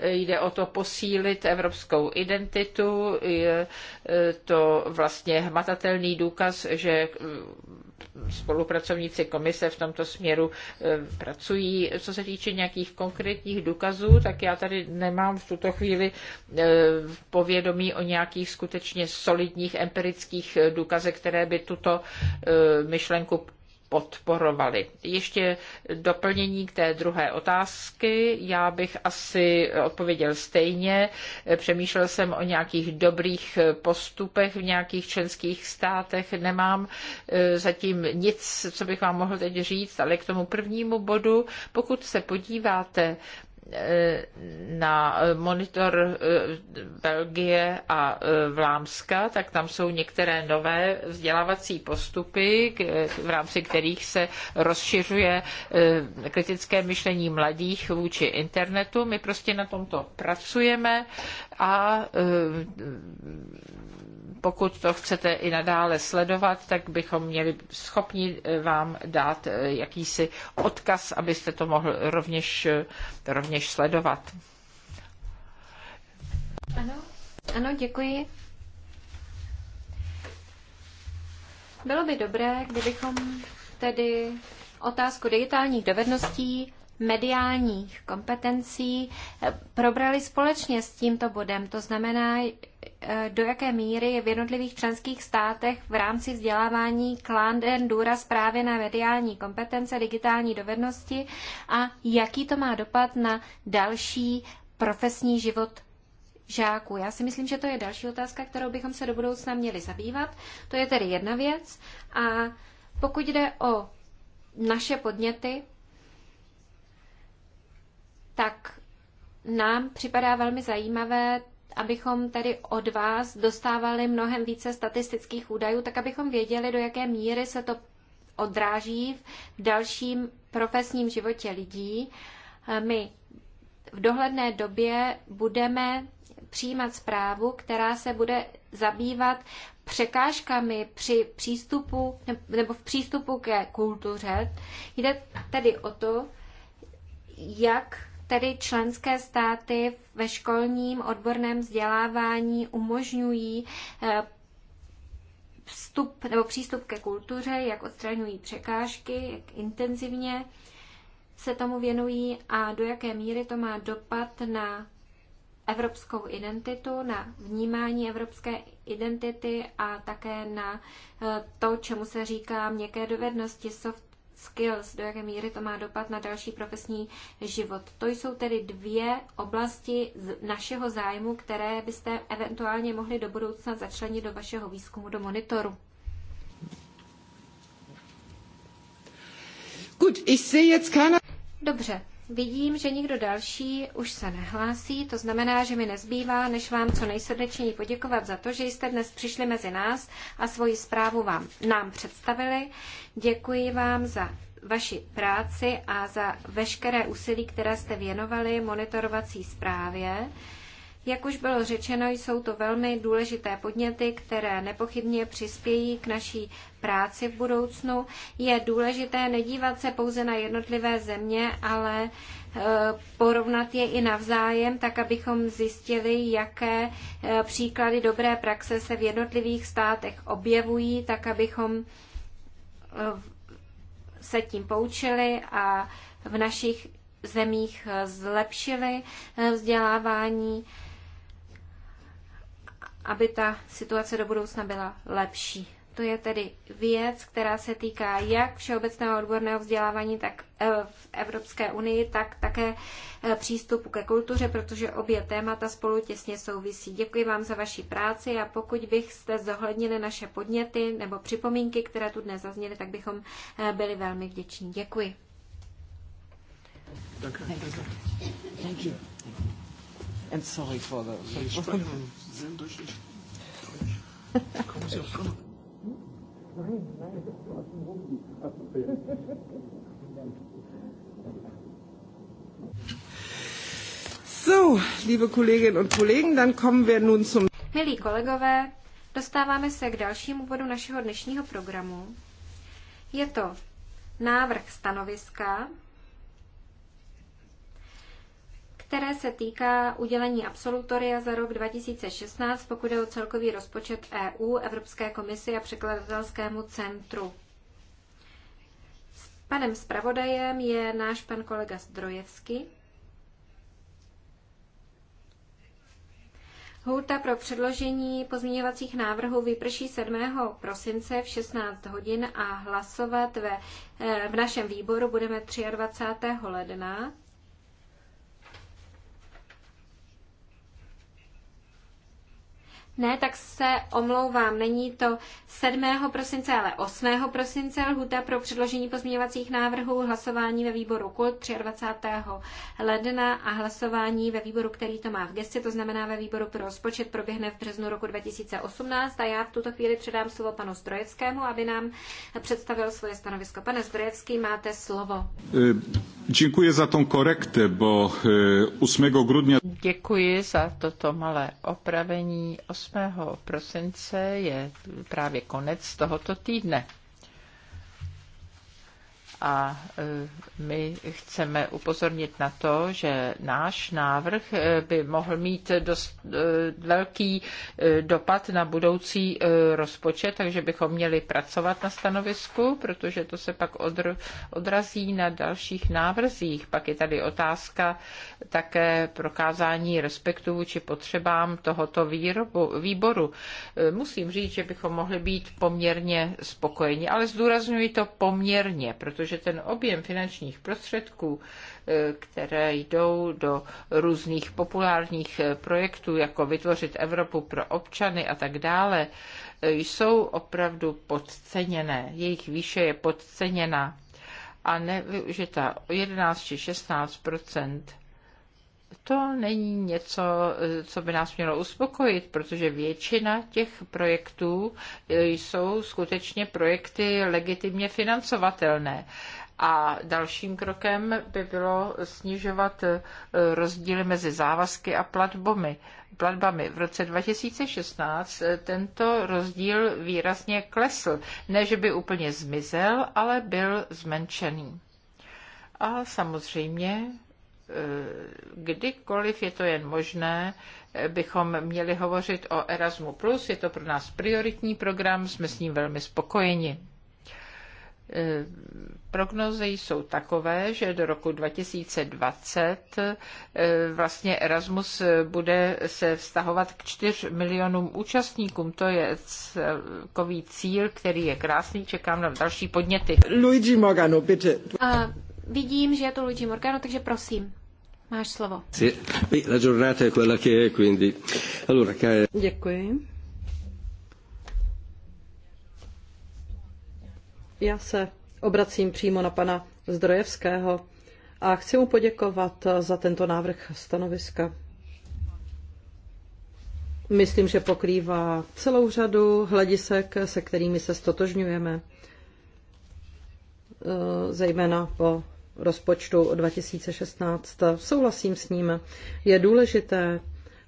Jde o to posílit evropskou identitu, je to vlastně hmatatelný důkaz, že spolupracovníci komise v tomto směru eh, pracují. Co se týče nějakých konkrétních důkazů, tak já tady nemám v tuto chvíli eh, povědomí o nějakých skutečně solidních empirických eh, důkazech, které by tuto myšlenku podporovali. Ještě doplnění k té druhé otázky. Já bych asi odpověděl stejně. Přemýšlel jsem o nějakých dobrých postupech v nějakých členských státech. Nemám eh, zatím nic, co bych vám mohl teď říct, ale k tomu prvnímu bodu, pokud se podíváte Eh, na monitor eh, Belgie a eh, Vlámska, tak tam jsou některé nové vzdělávací postupy, v rámci kterých se rozšiřuje kritické myšlení mladých vůči internetu. My prostě na tomto pracujeme a pokud to chcete i nadále sledovat, tak bychom měli schopni eh, vám dát eh, jakýsi odkaz, abyste to mohl rovněž, eh, rovněž sledovat. Ano, ano, děkuji. Bylo by dobré, kdybychom tedy otázku digitálních dovedností mediálních kompetencí probrali společně s tímto bodem. To znamená, Eh, do jaké míry je v jednotlivých členských státech v rámci vzdělávání kláden důraz právě na mediální kompetence, digitální dovednosti a jaký to má dopad na další profesní život žáků. Já si myslím, že to je další otázka, kterou bychom se do budoucna měli zabývat. To je tedy jedna věc. A pokud jde o naše podněty, tak nám připadá velmi zajímavé abychom tedy od vás dostávali mnohem více statistických údajů, tak abychom věděli, do jaké míry se to odráží v dalším profesním životě lidí. My v dohledné době budeme přijímat zprávu, která se bude zabývat překážkami při přístupu nebo v přístupu ke kultuře. Jde tedy o to, jak tedy členské státy ve školním odborném vzdělávání umožňují eh, vstup nebo přístup ke kultuře, jak odstraňují překážky, jak intenzivně se tomu věnují a do jaké míry to má dopad na evropskou identitu, na vnímání evropské identity a také na eh, to, čemu se říká měkké dovednosti, soft skills, do jaké míry to má dopad na další profesní život. To jsou tedy dvě oblasti našeho zájmu, které byste eventuálně mohli do budoucna začlenit do vašeho výzkumu, do monitoru. Gut, ich sehe jetzt keine... Dobře, Vidím, že nikdo další už se nehlásí, to znamená, že mi nezbývá, než vám co nejsrdečněji poděkovat za to, že jste dnes přišli mezi nás a svoji zprávu vám nám představili. Děkuji vám za vaši práci a za veškeré úsilí, které jste věnovali monitorovací zprávě. Jak už bylo řečeno, jsou to velmi důležité podněty, které nepochybně přispějí k naší práci v budoucnu. Je důležité nedívat se pouze na jednotlivé země, ale e, porovnat je i navzájem, tak abychom zjistili, jaké e, příklady dobré praxe se v jednotlivých státech objevují, tak abychom e, se tím poučili a v našich zemích zlepšili vzdělávání aby ta situace do budoucna byla lepší. To je tedy věc, která se týká jak všeobecného odborného vzdělávání, tak eh, v Evropské unii, tak také eh, přístupu ke kultuře, protože obě témata spolu těsně souvisí. Děkuji vám za vaši práci a pokud byste zohlednili naše podněty nebo připomínky, které tu dnes zazněly, tak bychom eh, byli velmi vděční. Děkuji. Thank you. Thank you. And sorry for the... Kommen Sie auf Nein, nein, das war schon So, liebe Kolleginnen und Kollegen, dann kommen wir nun zum... Milí kolegové, dostáváme se k dalšímu bodu našeho dnešního programu. Je to návrh stanoviska které se týká udělení absolutoria za rok 2016, pokud je o celkový rozpočet EU, Evropské komisi a překladatelskému centru. S panem zpravodajem je náš pan kolega Zdrojevský. Hulta pro předložení pozměňovacích návrhů vyprší 7. prosince v 16 hodin a hlasovat ve, eh, v našem výboru budeme 23. ledna Ne, tak se omlouvám, není to 7. prosince, ale 8. prosince lhuta pro předložení pozměňovacích návrhů, hlasování ve výboru KUL 23. ledna a hlasování ve výboru, který to má v gesti, to znamená ve výboru pro rozpočet, proběhne v březnu roku 2018 a já v tuto chvíli předám slovo panu Zdrojevskému, aby nám představil svoje stanovisko. Pane Zdrojevský, máte slovo. E, děkuji za tom korekte, bo 8 e, grudně... Děkuji za toto malé opravení. 8 8. prosince je právě konec tohoto týdne. A e, my chceme upozornit na to, že náš návrh e, by mohl mít dost e, velký dopad na budoucí rozpočet, takže bychom měli pracovat na stanovisku, protože to se pak odrazí na dalších návrzích. Pak je tady otázka také prokázání respektu či potřebám tohoto výrobu, výboru. Musím říct, že bychom mohli být poměrně spokojeni, ale zdůraznuju to poměrně, protože protože ten objem finančních prostředků, e, které jdou do různých populárních e, projektů, jako vytvořit Evropu pro občany a tak dále, e, jsou opravdu podceněné. Jejich výše je podceněna a nevyužita 11 či 16 to není něco, co by nás mělo uspokojit, protože většina těch projektů jsou skutečně projekty legitimně financovatelné. A dalším krokem by bylo snižovat rozdíly mezi závazky a platbami. platbami. V roce 2016 tento rozdíl výrazně klesl. Ne, že by úplně zmizel, ale byl zmenšený. A samozřejmě kdykoliv je to jen možné, bychom měli hovořit o Erasmu+. Je to pro nás prioritní program, jsme s ním velmi spokojeni. E, prognozy jsou takové, že do roku 2020 e, vlastně Erasmus bude se vztahovat k 4 milionům účastníkům. To je celkový cíl, který je krásný. Čekám na další podněty. Luigi Morgano, bitte. A vidím, že je to Luigi Morgano, takže prosím. Máš slovo. La giornata è quella che è, quindi. Allora, Děkuji. Já se obracím přímo na pana Zdrojevského a chci mu poděkovat za tento návrh stanoviska. Myslím, že pokrývá celou řadu hledisek, se kterými se stotožňujeme, eh, zejména po rozpočtu 2016. Souhlasím s ním. Je důležité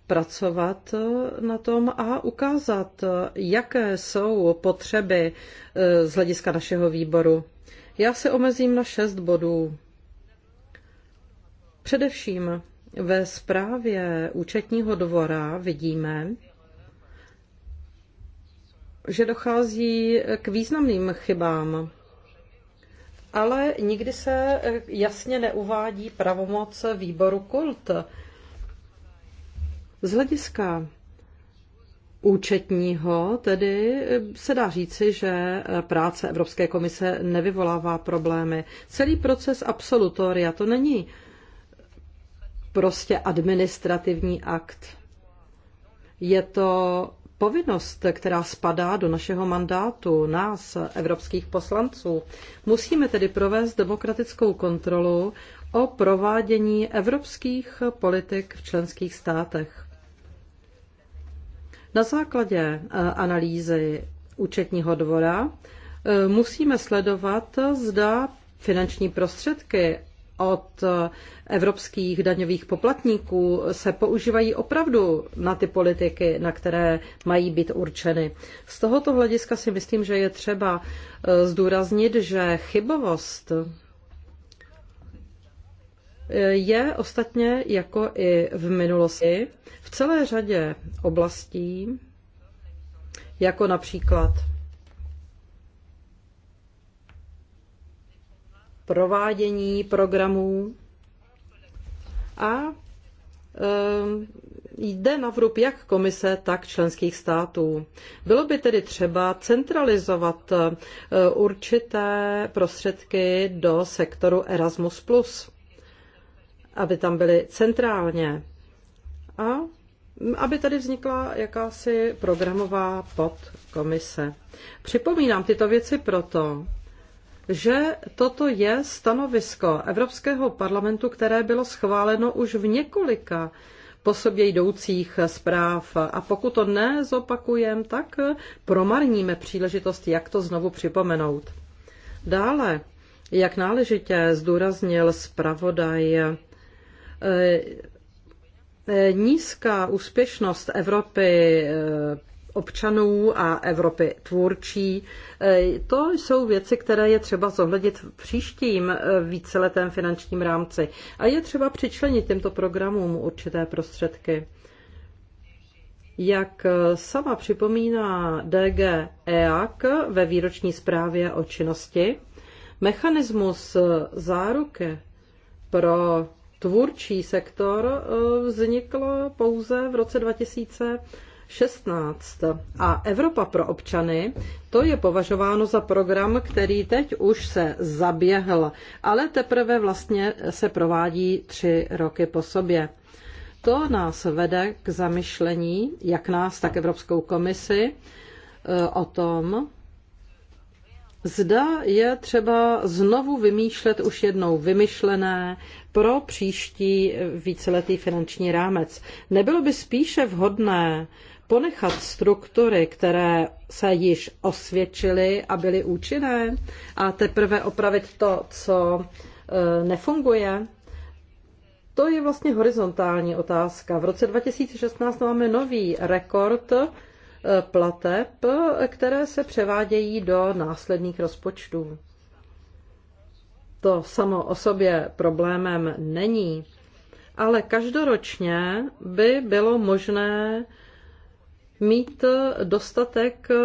pracovat na tom a ukázat, jaké jsou potřeby eh, z hlediska našeho výboru. Já se omezím na šest bodů. Především ve zprávě účetního dvora vidíme, že dochází k významným chybám ale nikdy se eh, jasně neuvádí pravomoc výboru kult. Z hlediska účetního tedy eh, se dá říci, že eh, práce Evropské komise nevyvolává problémy. Celý proces absolutoria to není prostě administrativní akt. Je to povinnost, která spadá do našeho mandátu, nás, evropských poslanců. Musíme tedy provést demokratickou kontrolu o provádění evropských politik v členských státech. Na základě eh, analýzy účetního dvora eh, musíme sledovat, zda finanční prostředky od evropských daňových poplatníků se používají opravdu na ty politiky, na které mají být určeny. Z tohoto hlediska si myslím, že je třeba eh, zdůraznit, že chybovost eh, je ostatně jako i v minulosti v celé řadě oblastí, jako například provádění programů a eh, jde na vrub jak komise, tak členských států. Bylo by tedy třeba centralizovat eh, určité prostředky do sektoru Erasmus+, aby tam byly centrálně a mm, aby tady vznikla jakási programová podkomise. Připomínám tyto věci proto, že toto je stanovisko Evropského parlamentu, které bylo schváleno už v několika po sobě jdoucích zpráv. A pokud to nezopakujeme, tak promarníme příležitost, jak to znovu připomenout. Dále, jak náležitě zdůraznil zpravodaj, eh, eh, nízká úspěšnost Evropy eh, občanů a Evropy tvůrčí. E, to jsou věci, které je třeba zohlednit v příštím e, víceletém finančním rámci. A je třeba přičlenit těmto programům určité prostředky. Jak e, sama připomíná DG EAC ve výroční zprávě o činnosti, mechanismus záruky pro tvůrčí sektor vznikl pouze v roce 2000 16. A Evropa pro občany, to je považováno za program, který teď už se zaběhl, ale teprve vlastně se provádí tři roky po sobě. To nás vede k zamyšlení, jak nás, tak Evropskou komisi, eh, o tom, zda je třeba znovu vymýšlet už jednou vymyšlené pro příští víceletý finanční rámec. Nebylo by spíše vhodné ponechat struktury, které se již osvědčily a byly účinné a teprve opravit to, co e, nefunguje, to je vlastně horizontální otázka. V roce 2016 máme nový rekord e, plateb, které se převádějí do následných rozpočtů. To samo o sobě problémem není, ale každoročně by bylo možné mít dostatek eh,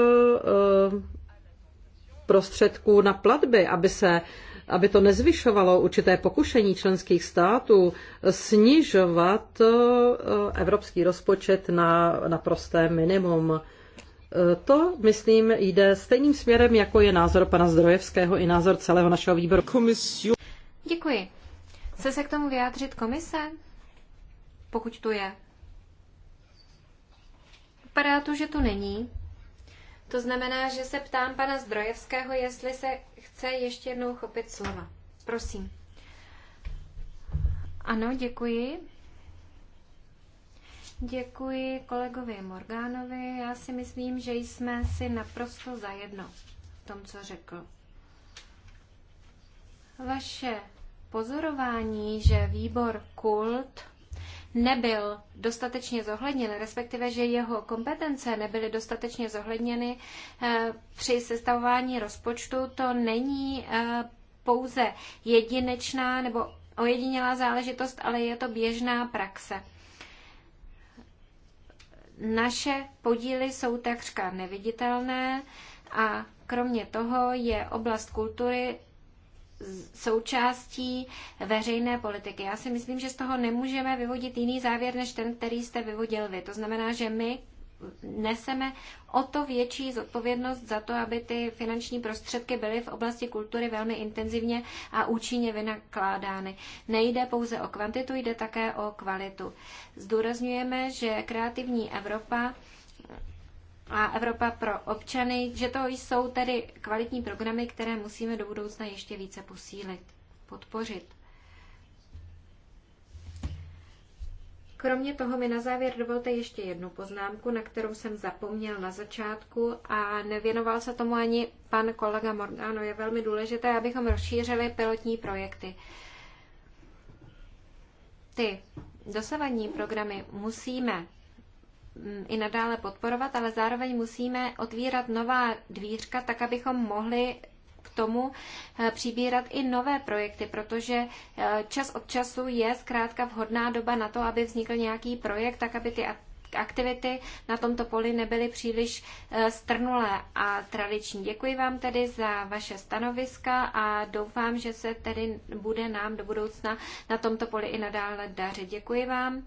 prostředků na platby, aby se aby to nezvyšovalo určité pokušení členských států snižovat eh, evropský rozpočet na, na prosté minimum. Eh, to, myslím, jde stejným směrem, jako je názor pana Zdrojevského i názor celého našeho výboru. Komisiu. Děkuji. Chce se k tomu vyjádřit komise? Pokud tu je. Vypadá to, že tu není. To znamená, že se ptám pana Zdrojevského, jestli se chce ještě jednou chopit slova. Prosím. Ano, děkuji. Děkuji kolegovi Morgánovi. Já si myslím, že jsme si naprosto zajedno v tom, co řekl. Vaše pozorování, že výbor kult nebyl dostatečně zohledněn, respektive, že jeho kompetence nebyly dostatečně zohledněny eh, při sestavování rozpočtu, to není eh, pouze jedinečná nebo ojedinělá záležitost, ale je to běžná praxe. Naše podíly jsou takřka neviditelné a kromě toho je oblast kultury součástí veřejné politiky. Já si myslím, že z toho nemůžeme vyvodit jiný závěr, než ten, který jste vyvodil vy. To znamená, že my neseme o to větší zodpovědnost za to, aby ty finanční prostředky byly v oblasti kultury velmi intenzivně a účinně vynakládány. Nejde pouze o kvantitu, jde také o kvalitu. Zdůrazňujeme, že kreativní Evropa a Evropa pro občany, že to jsou tedy kvalitní programy, které musíme do budoucna ještě více posílit, podpořit. Kromě toho mi na závěr dovolte ještě jednu poznámku, na kterou jsem zapomněl na začátku a nevěnoval se tomu ani pan kolega Morgano. Je velmi důležité, abychom rozšířili pilotní projekty. Ty dosavadní programy musíme i nadále podporovat, ale zároveň musíme otvírat nová dvířka, tak abychom mohli k tomu eh, přibírat i nové projekty, protože eh, čas od času je zkrátka vhodná doba na to, aby vznikl nějaký projekt, tak aby ty aktivity na tomto poli nebyly příliš eh, strnulé a tradiční. Děkuji vám tedy za vaše stanoviska a doufám, že se tedy bude nám do budoucna na tomto poli i nadále dařit. Děkuji vám.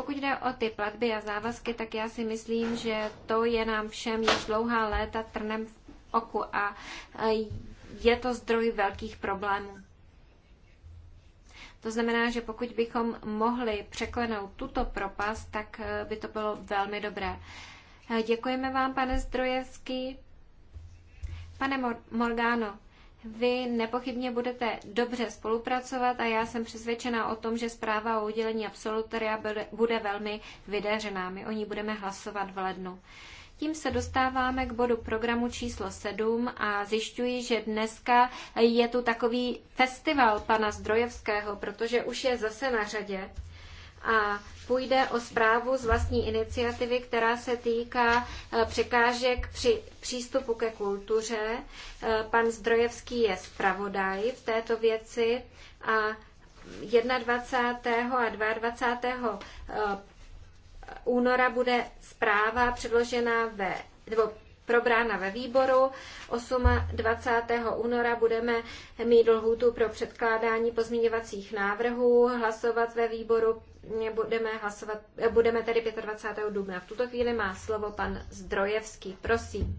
Pokud jde o ty platby a závazky, tak já si myslím, že to je nám všem již dlouhá léta trnem v oku a e, je to zdroj velkých problémů. To znamená, že pokud bychom mohli překlenout tuto propast, tak e, by to bylo velmi dobré. E, děkujeme vám, pane Zdrojevský. Pane Morgano, vy nepochybně budete dobře spolupracovat a já jsem přesvědčena o tom, že zpráva o udělení absolutoria bude velmi vydařená. My o ní budeme hlasovat v lednu. Tím se dostáváme k bodu programu číslo 7 a zjišťuji, že dneska je tu takový festival pana Zdrojevského, protože už je zase na řadě a půjde o zprávu z vlastní iniciativy, která se týká eh, překážek při přístupu ke kultuře. Eh, pan Zdrojevský je zpravodaj v této věci a 21. a 22. Eh, února bude zpráva předložena ve, nebo probrána ve výboru. 20. února budeme mít lhůtu pro předkládání pozměňovacích návrhů, hlasovat ve výboru budeme, hlasovat, budeme tedy 25. dubna. V tuto chvíli má slovo pan Zdrojevský. Prosím.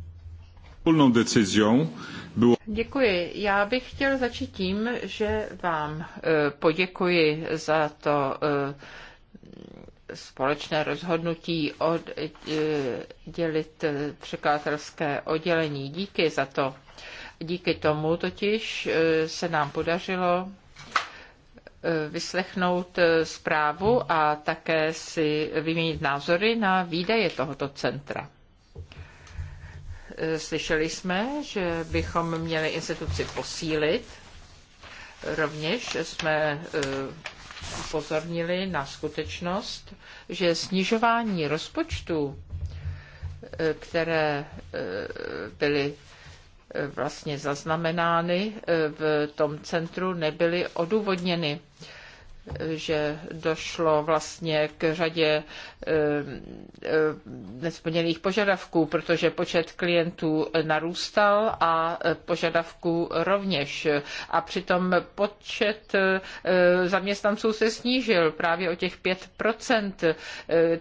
Děkuji. Já bych chtěl začít tím, že vám eh, poděkuji za to eh, společné rozhodnutí oddělit překladatelské oddělení. Díky za to. Díky tomu totiž eh, se nám podařilo eh, vyslechnout eh, zprávu a také si vyměnit názory na výdaje tohoto centra. Slyšeli jsme, že bychom měli instituci posílit. Rovněž jsme upozornili na skutečnost, že snižování rozpočtu, eh, které eh, byly eh, vlastně zaznamenány v tom centru, nebyly odůvodněny že došlo vlastně k řadě eh, eh, nesplněných požadavků, protože počet klientů narůstal a požadavků rovněž. A přitom počet eh, zaměstnanců se snížil právě o těch 5%,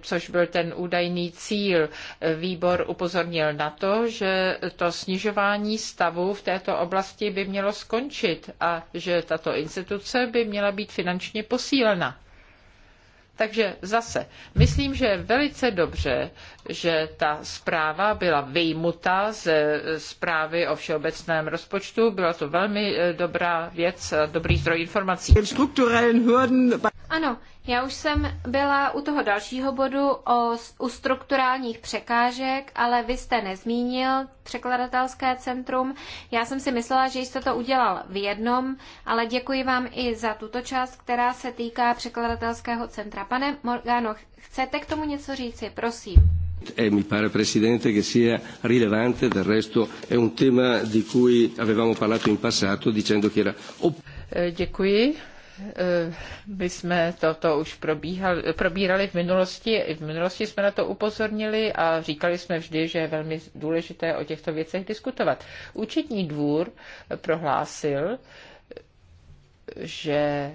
což byl ten údajný cíl. Výbor upozornil na to, že to snižování stavu v této oblasti by mělo skončit a že tato instituce by měla být finančně posílena. Takže zase, myslím, že je velice dobře, že ta zpráva byla vyjmuta z zprávy o všeobecném rozpočtu. Byla to velmi eh, dobrá věc, dobrý zdroj informací. Ano, já už jsem byla u toho dalšího bodu o, u strukturálních překážek, ale vy jste nezmínil překladatelské centrum. Já jsem si myslela, že jste to udělal v jednom, ale děkuji vám i za tuto část, která se týká překladatelského centra. Pane Morgano, chcete k tomu něco říci? Prosím. E mi pare Presidente che sia rilevante, del resto è un tema di cui avevamo parlato in passato dicendo che era... Eh, děkuji my jsme toto už probíhali, probírali v minulosti. V minulosti jsme na to upozornili a říkali jsme vždy, že je velmi důležité o těchto věcech diskutovat. Účetní dvůr prohlásil, že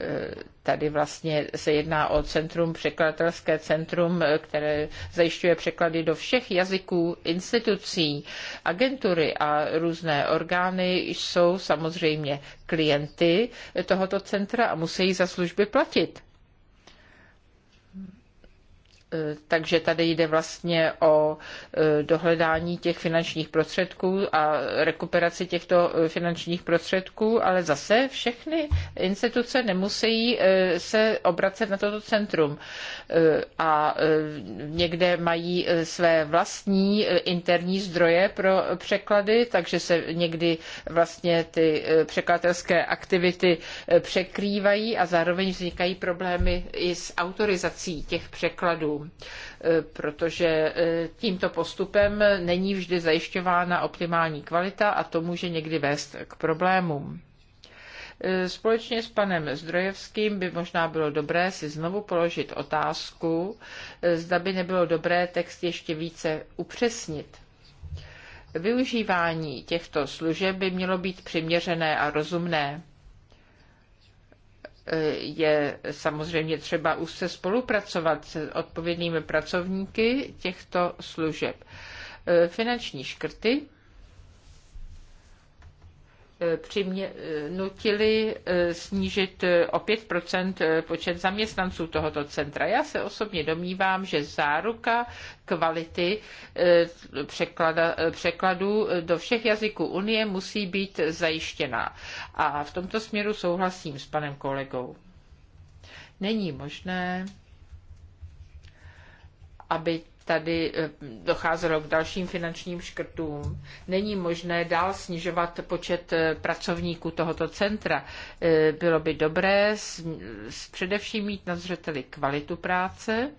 Eh, tady vlastně se jedná o centrum, překladatelské centrum, eh, které zajišťuje překlady do všech jazyků, institucí, agentury a různé orgány jsou samozřejmě klienty tohoto centra a musí za služby platit. Eh, takže tady jde vlastně o eh, dohledání těch finančních prostředků a rekuperaci těchto eh, finančních prostředků, ale zase všechny instituce nemusí se obracet na toto centrum a někde mají své vlastní interní zdroje pro překlady, takže se někdy vlastně ty překladatelské aktivity překrývají a zároveň vznikají problémy i s autorizací těch překladů. Eh, protože eh, tímto postupem není vždy zajišťována optimální kvalita a to může někdy vést k problémům. Eh, společně s panem Zdrojevským by možná bylo dobré si znovu položit otázku, zda by nebylo dobré text ještě více upřesnit. Využívání těchto služeb by mělo být přiměřené a rozumné je samozřejmě třeba úzce spolupracovat s odpovědnými pracovníky těchto služeb. Finanční škrty Eh, přimě, nutili eh, snížit eh, o 5 počet zaměstnanců tohoto centra. Já se osobně domnívám, že záruka kvality překlada, překladů do všech jazyků Unie musí být zajištěná. A v tomto směru souhlasím s panem kolegou. Není možné, aby tady eh, docházelo k dalším finančním škrtům. Není možné dál snižovat počet eh, pracovníků tohoto centra. Eh, bylo by dobré především mít na zřeteli kvalitu práce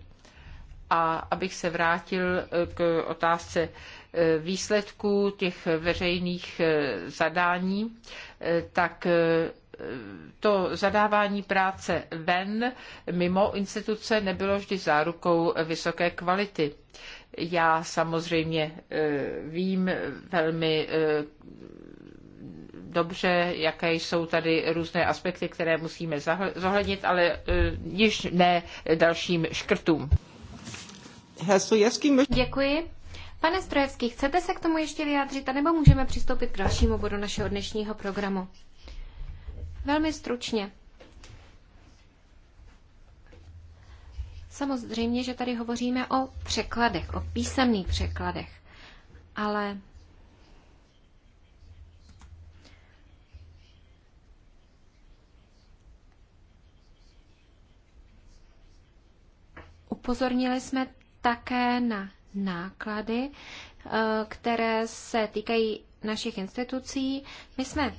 a abych se vrátil k otázce výsledků těch veřejných zadání, tak to zadávání práce ven, mimo instituce, nebylo vždy zárukou vysoké kvality. Já samozřejmě eh, vím velmi eh, dobře, jaké jsou tady různé aspekty, které musíme zohlednit, ale eh, již ne dalším škrtům. Děkuji. Pane Strojevský, chcete se k tomu ještě vyjádřit, anebo můžeme přistoupit k dalšímu bodu našeho dnešního programu? Velmi stručně. Samozřejmě, že tady hovoříme o překladech, o písemných překladech, ale upozornili jsme také na náklady, eh, které se týkají našich institucí. My jsme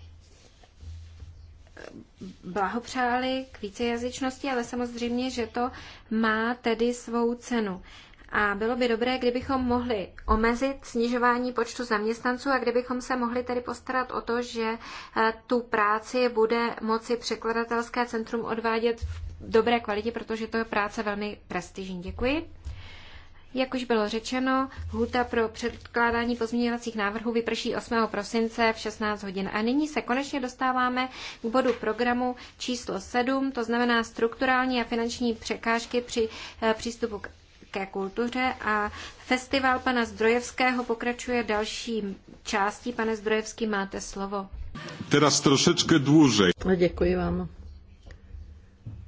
blahopřáli k vícejazyčnosti, ale samozřejmě, že to má tedy svou cenu. A bylo by dobré, kdybychom mohli omezit snižování počtu zaměstnanců a kdybychom se mohli tedy postarat o to, že eh, tu práci bude moci překladatelské centrum odvádět v dobré kvalitě, protože to je práce velmi prestižní. Děkuji. Jak už bylo řečeno, hůta pro předkládání pozměňovacích návrhů vyprší 8. prosince v 16 hodin. A nyní se konečně dostáváme k bodu programu číslo 7, to znamená strukturální a finanční překážky při eh, přístupu k ke kultuře a festival pana Zdrojevského pokračuje další částí. Pane Zdrojevský, máte slovo. Teraz trošičku dloužej. Děkuji vám.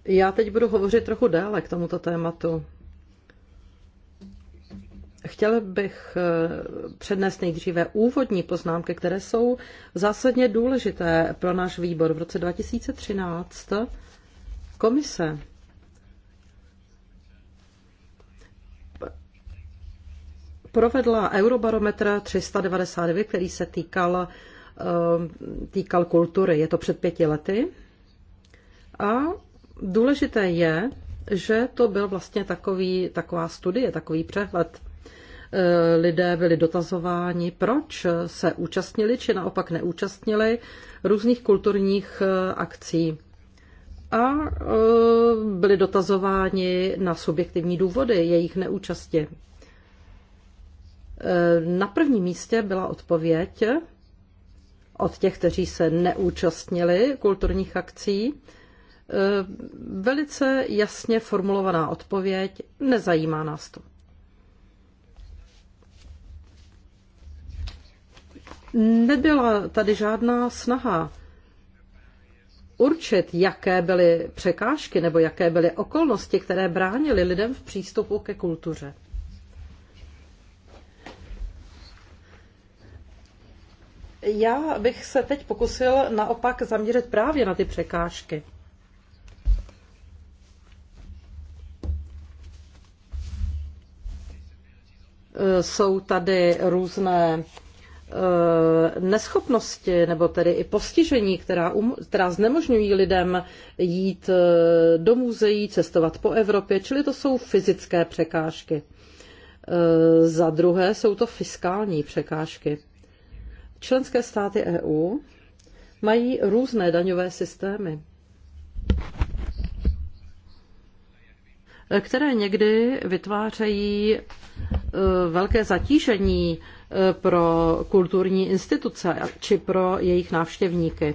Já teď budu hovořit trochu déle k tomuto tématu. Chtěl bych eh, přednést nejdříve úvodní poznámky, které jsou zásadně důležité pro náš výbor. V roce 2013 komise provedla Eurobarometr 399, který se týkal, eh, týkal kultury. Je to před pěti lety. A důležité je, že to byl vlastně takový, taková studie, takový přehled E, lidé byli dotazováni, proč se účastnili či naopak neúčastnili různých kulturních e, akcí. A e, byli dotazováni na subjektivní důvody jejich neúčasti. Na prvním místě byla odpověď od těch, kteří se neúčastnili kulturních akcí, velice jasně formulovaná odpověď, nezajímá nás to. Nebyla tady žádná snaha určit, jaké byly překážky nebo jaké byly okolnosti, které bránily lidem v přístupu ke kultuře. Já bych se teď pokusil naopak zaměřit právě na ty překážky. Jsou tady různé Eh, neschopnosti nebo tedy i postižení, která, um, která znemožňují lidem jít eh, do muzeí, cestovat po Evropě, čili to jsou fyzické překážky. Eh, za druhé jsou to fiskální překážky. Členské státy EU mají různé daňové systémy, které někdy vytvářejí velké zatížení pro kulturní instituce či pro jejich návštěvníky.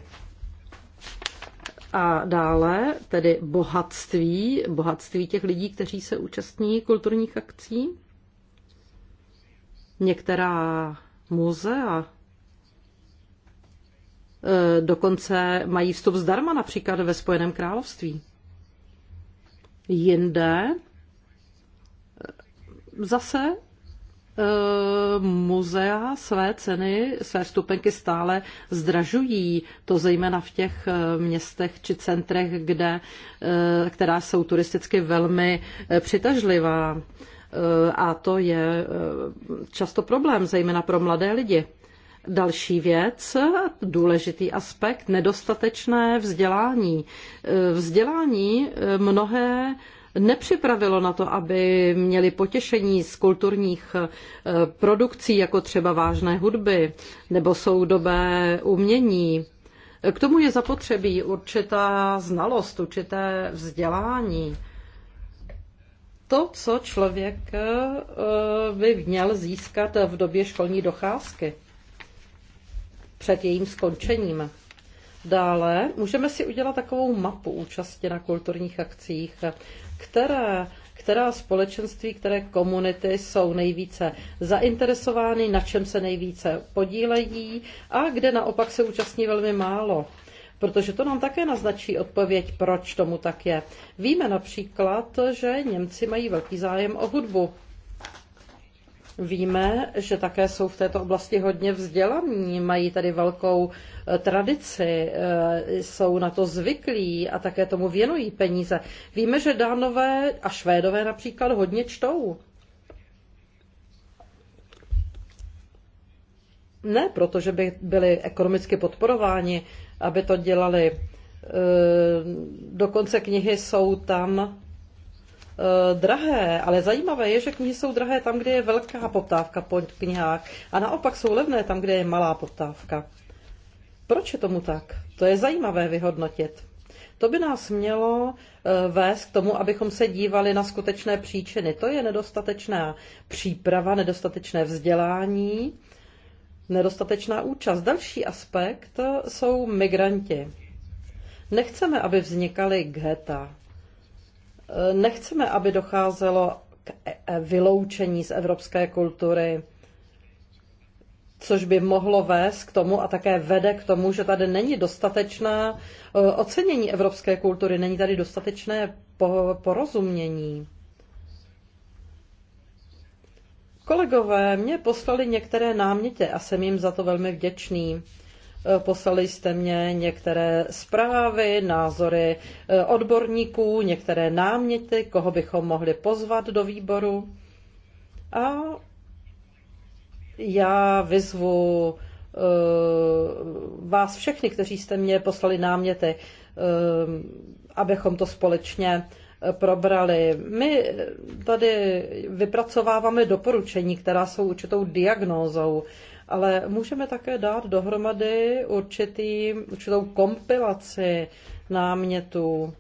A dále tedy bohatství, bohatství těch lidí, kteří se účastní kulturních akcí. Některá muzea e, dokonce mají vstup zdarma, například ve Spojeném království. Jinde e, zase Eh, muzea své ceny, své stupenky stále zdražují, to zejména v těch eh, městech či centrech, kde, eh, která jsou turisticky velmi přitažlivá. A to je často problém, zejména pro mladé lidi. Další věc, důležitý aspekt, nedostatečné vzdělání. Vzdělání mnohé nepřipravilo na to, aby měli potěšení z kulturních eh, produkcí, jako třeba vážné hudby nebo soudobé umění. K tomu je zapotřebí určitá znalost, určité vzdělání. To, co člověk eh, by měl získat v době školní docházky před jejím skončením. Dále můžeme si udělat takovou mapu účasti na kulturních akcích které, která společenství, které komunity jsou nejvíce zainteresovány, na čem se nejvíce podílejí a kde naopak se účastní velmi málo protože to nám také naznačí odpověď, proč tomu tak je. Víme například, že Němci mají velký zájem o hudbu. Víme, že také jsou v této oblasti hodně vzdělaní, mají tady velkou eh, tradici, eh, jsou na to zvyklí a také tomu věnují peníze. Víme, že Dánové a Švédové například hodně čtou. Ne protože by byli ekonomicky podporováni, aby to dělali. Eh, dokonce knihy jsou tam Eh, drahé, ale zajímavé je, že knihy jsou drahé tam, kde je velká poptávka po knihách a naopak jsou levné tam, kde je malá poptávka. Proč je tomu tak? To je zajímavé vyhodnotit. To by nás mělo eh, vést k tomu, abychom se dívali na skutečné příčiny. To je nedostatečná příprava, nedostatečné vzdělání, nedostatečná účast. Další aspekt eh, jsou migranti. Nechceme, aby vznikaly geta. Nechceme, aby docházelo k e, e, vyloučení z evropské kultury, což by mohlo vést k tomu a také vede k tomu, že tady není dostatečná e, ocenění evropské kultury, není tady dostatečné porozumění. Kolegové mě poslali některé náměty a jsem jim za to velmi vděčný. Eh, poslali jste mě některé zprávy, názory eh, odborníků, některé náměty, koho bychom mohli pozvat do výboru. A já vyzvu eh, vás všechny, kteří jste mě poslali náměty, abychom to společně probrali. My tady vypracováváme doporučení, která jsou určitou diagnózou ale můžeme také dát dohromady určitý, určitou kompilaci námětů,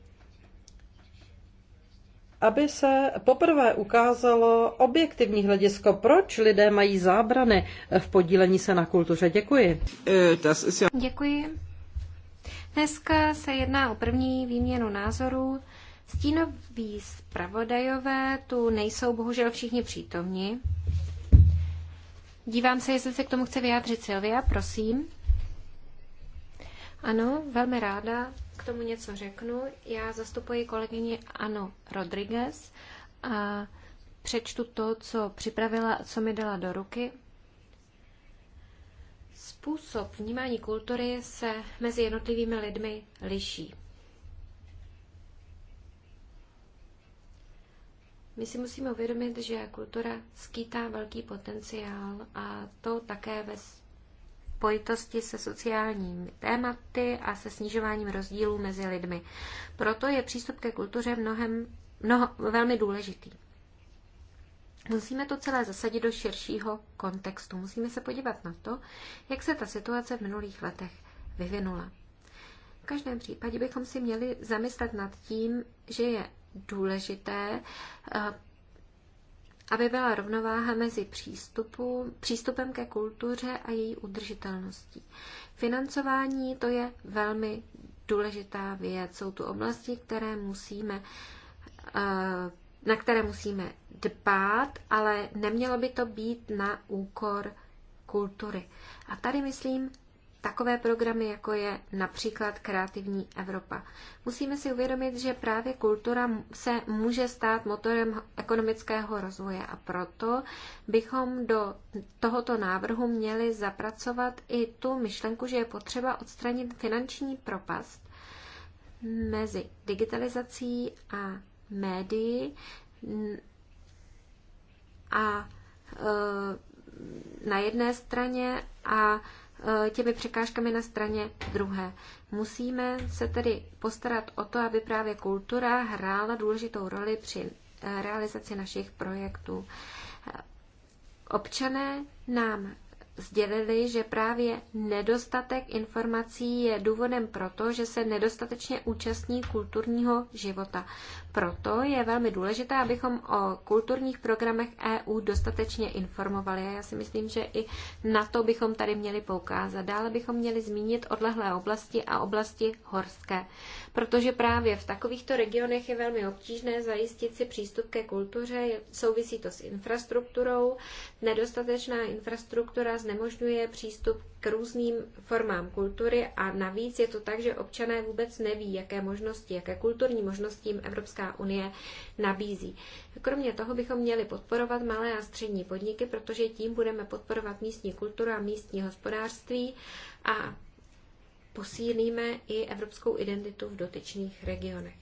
aby se poprvé ukázalo objektivní hledisko, proč lidé mají zábrany v podílení se na kultuře. Děkuji. E, Děkuji. Dneska se jedná o první výměnu názorů. Stínoví zpravodajové tu nejsou bohužel všichni přítomni. Dívám se, jestli se k tomu chce vyjádřit Silvia, prosím. Ano, velmi ráda k tomu něco řeknu. Já zastupuji kolegyni Ano Rodriguez a přečtu to, co připravila a co mi dala do ruky. Způsob vnímání kultury se mezi jednotlivými lidmi liší. My si musíme uvědomit, že kultura skýtá velký potenciál a to také ve spojitosti se sociálními tématy a se snižováním rozdílů mezi lidmi. Proto je přístup ke kultuře mnohem, mnoho, velmi důležitý. Musíme to celé zasadit do širšího kontextu. Musíme se podívat na to, jak se ta situace v minulých letech vyvinula. V každém případě bychom si měli zamyslet nad tím, že je důležité, eh, aby byla rovnováha mezi přístupu, přístupem ke kultuře a její udržitelností. Financování to je velmi důležitá věc. Jsou tu oblasti, které musíme, eh, na které musíme dbát, ale nemělo by to být na úkor kultury. A tady, myslím, takové programy, jako je například Kreativní Evropa. Musíme si uvědomit, že právě kultura se může stát motorem ekonomického rozvoje a proto bychom do tohoto návrhu měli zapracovat i tu myšlenku, že je potřeba odstranit finanční propast mezi digitalizací a médií a e, na jedné straně a Eh, těmi překážkami na straně druhé. Musíme se tedy postarat o to, aby právě kultura hrála důležitou roli při eh, realizaci našich projektů. Eh, občané nám sdělili, že právě nedostatek informací je důvodem proto, že se nedostatečně účastní kulturního života. Proto je velmi důležité, abychom o kulturních programech EU dostatečně informovali. já si myslím, že i na to bychom tady měli poukázat. Dále bychom měli zmínit odlehlé oblasti a oblasti horské, protože právě v takovýchto regionech je velmi obtížné zajistit si přístup ke kultuře. Souvisí to s infrastrukturou. Nedostatečná infrastruktura znemožňuje přístup k různým formám kultury a navíc je to tak, že občané vůbec neví, jaké možnosti, jaké kulturní možnosti jim Evropská Evropská unie nabízí. Kromě toho bychom měli podporovat malé a střední podniky, protože tím budeme podporovat místní kulturu a místní hospodářství a posílíme i evropskou identitu v dotyčných regionech.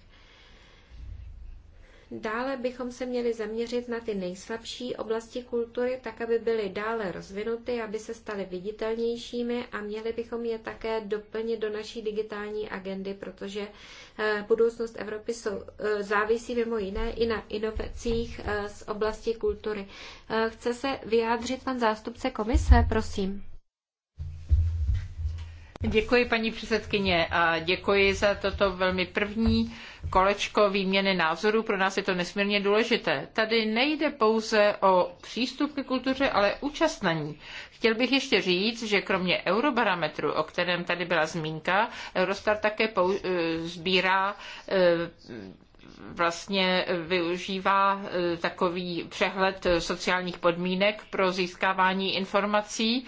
Dále bychom se měli zaměřit na ty nejslabší oblasti kultury, tak aby byly dále rozvinuty, aby se staly viditelnějšími a měli bychom je také doplnit do naší digitální agendy, protože eh, budoucnost Evropy jsou, eh, závisí mimo jiné i na inovacích eh, z oblasti kultury. Chce se vyjádřit pan zástupce komise, prosím. Děkuji paní předsedkyně a děkuji za toto velmi první kolečko výměny názorů. Pro nás je to nesmírně důležité. Tady nejde pouze o přístup ke kultuře, ale účast na ní. Chtěl bych ještě říct, že kromě eurobarometru, o kterém tady byla zmínka, Eurostar také pou- e, sbírá e, vlastně využívá e, takový přehled sociálních podmínek pro získávání informací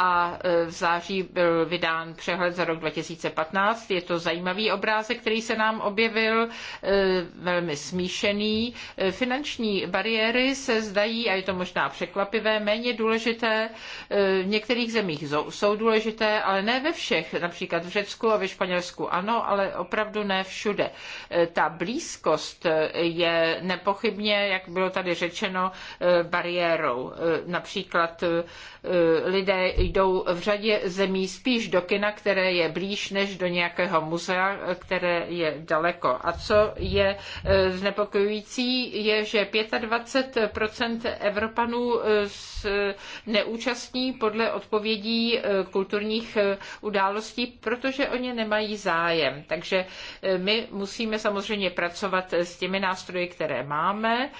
a e, v září byl vydán přehled za rok 2015. Je to zajímavý obrázek, který se nám objevil, e, velmi smíšený. E, finanční bariéry se zdají, a je to možná překvapivé, méně důležité. V některých zemích jsou důležité, ale ne ve všech. Například v Řecku a ve Španělsku ano, ale opravdu ne všude. Ta blízkost je nepochybně, jak bylo tady řečeno, bariérou. Například lidé jdou v řadě zemí spíš do kina, které je blíž, než do nějakého muzea, které je daleko. A co je e, znepokojující, je, že 25 Evropanů e, e, neúčastní podle odpovědí kulturních událostí, protože o ně nemají zájem. Takže my musíme samozřejmě pracovat s těmi nástroji, které máme,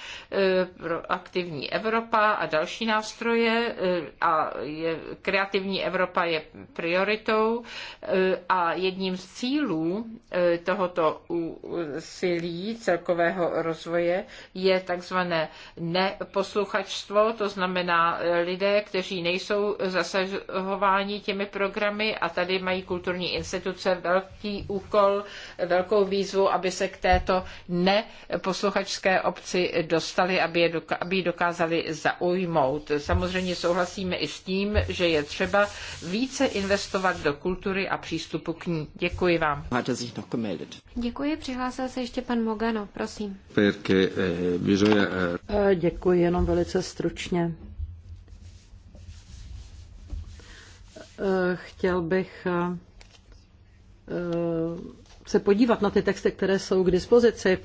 aktivní Evropa a další nástroje a je kreativní kreativní Evropa je prioritou eh, a jedním z cílů eh, tohoto úsilí celkového rozvoje je takzvané neposluchačstvo, to znamená eh, lidé, kteří nejsou zasahováni těmi programy a tady mají kulturní instituce velký úkol, velkou výzvu, aby se k této neposluchačské obci dostali, aby, ji dokázali zaujmout. Samozřejmě souhlasíme i s tím, že je třeba více investovat do kultury a přístupu k ní. Děkuji vám. Máte sich noch gemeldet. Děkuji, přihlásil se ještě pan Mogano, prosím. Perché, eh, eh, eh Děkuji, jenom velice stručně. Eh, chtěl bych se podívat na ty texty, které jsou k dispozici,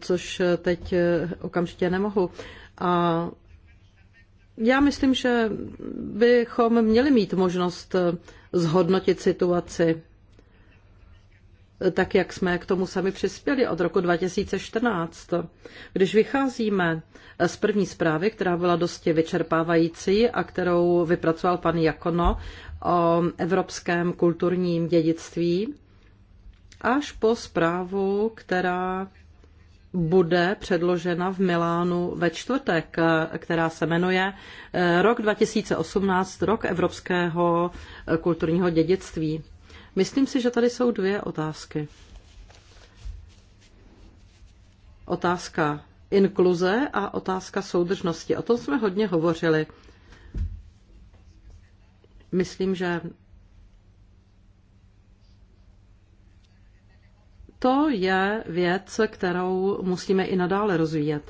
což teď okamžitě nemohu. A já myslím, že bychom měli mít možnost eh, zhodnotit situaci eh, tak, jak jsme k tomu sami přispěli od roku 2014. Když vycházíme eh, z první zprávy, která byla dosti vyčerpávající a kterou vypracoval pan Jakono o evropském kulturním dědictví, až po zprávu, která bude předložena v Milánu ve čtvrtek, která se jmenuje eh, Rok 2018, rok evropského eh, kulturního dědictví. Myslím si, že tady jsou dvě otázky. Otázka inkluze a otázka soudržnosti. O tom jsme hodně hovořili. Myslím, že To je věc, kterou musíme i nadále rozvíjet.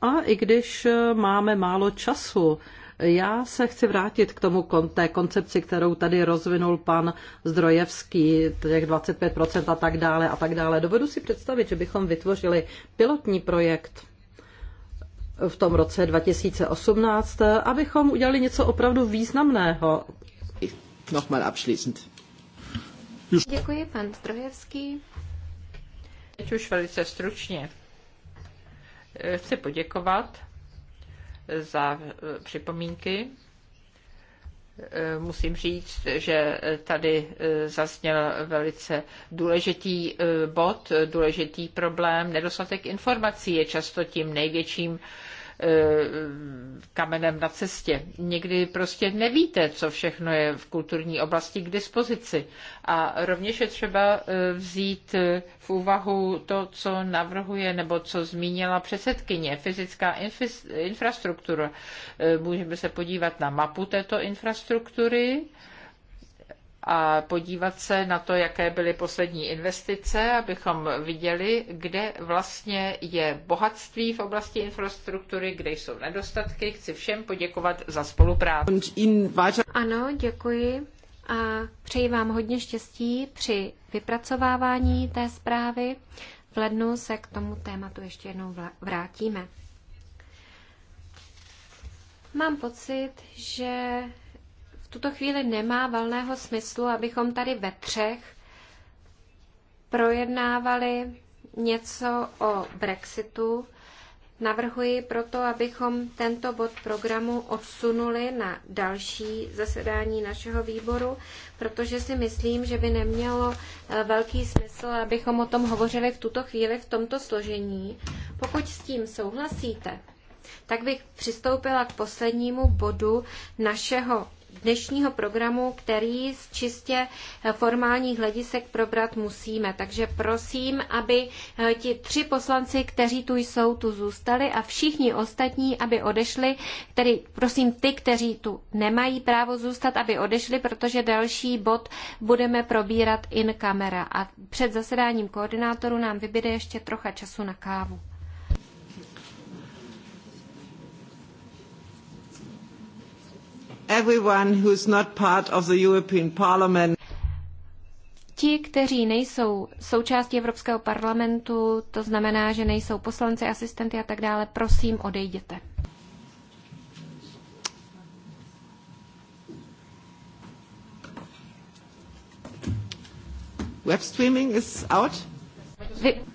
A i když máme málo času, já se chci vrátit k tomu té koncepci, kterou tady rozvinul pan Zdrojevský, těch 25% a tak dále a tak dále. Dovedu si představit, že bychom vytvořili pilotní projekt v tom roce 2018, abychom udělali něco opravdu významného. Nochmal abschließend. Děkuji, pan Strojevský. Teď už velice stručně. Chci poděkovat za eh, připomínky Eh, musím říct, že tady eh, zazněl velice důležitý eh, bod, důležitý problém. Nedostatek informací je často tím největším E, kamenem na cestě. Někdy prostě nevíte, co všechno je v kulturní oblasti k dispozici. A rovněž je třeba e, vzít e, v úvahu to, co navrhuje nebo co zmínila předsedkyně, fyzická infrastruktura. Můžeme se podívat na mapu této infrastruktury, a podívat se na to, jaké byly poslední investice, abychom viděli, kde vlastně je bohatství v oblasti infrastruktury, kde jsou nedostatky. Chci všem poděkovat za spolupráci. Ano, děkuji a přeji vám hodně štěstí při vypracovávání té zprávy. V lednu se k tomu tématu ještě jednou vrátíme. Mám pocit, že tuto chvíli nemá valného smyslu, abychom tady ve třech projednávali něco o Brexitu. Navrhuji proto, abychom tento bod programu odsunuli na další zasedání našeho výboru, protože si myslím, že by nemělo eh, velký smysl, abychom o tom hovořili v tuto chvíli v tomto složení. Pokud s tím souhlasíte, tak bych přistoupila k poslednímu bodu našeho dnešního programu, který z čistě eh, formálních hledisek probrat musíme. Takže prosím, aby eh, ti tři poslanci, kteří tu jsou, tu zůstali a všichni ostatní, aby odešli, tedy prosím ty, kteří tu nemají právo zůstat, aby odešli, protože další bod budeme probírat in camera. A před zasedáním koordinátoru nám vybíde ještě trocha času na kávu. everyone not part of the European Parliament ti, kteří nejsou součástí Evropského parlamentu, to znamená, že nejsou poslanci, asistenty a tak dále, prosím, odejděte. Web streaming is out. Vy,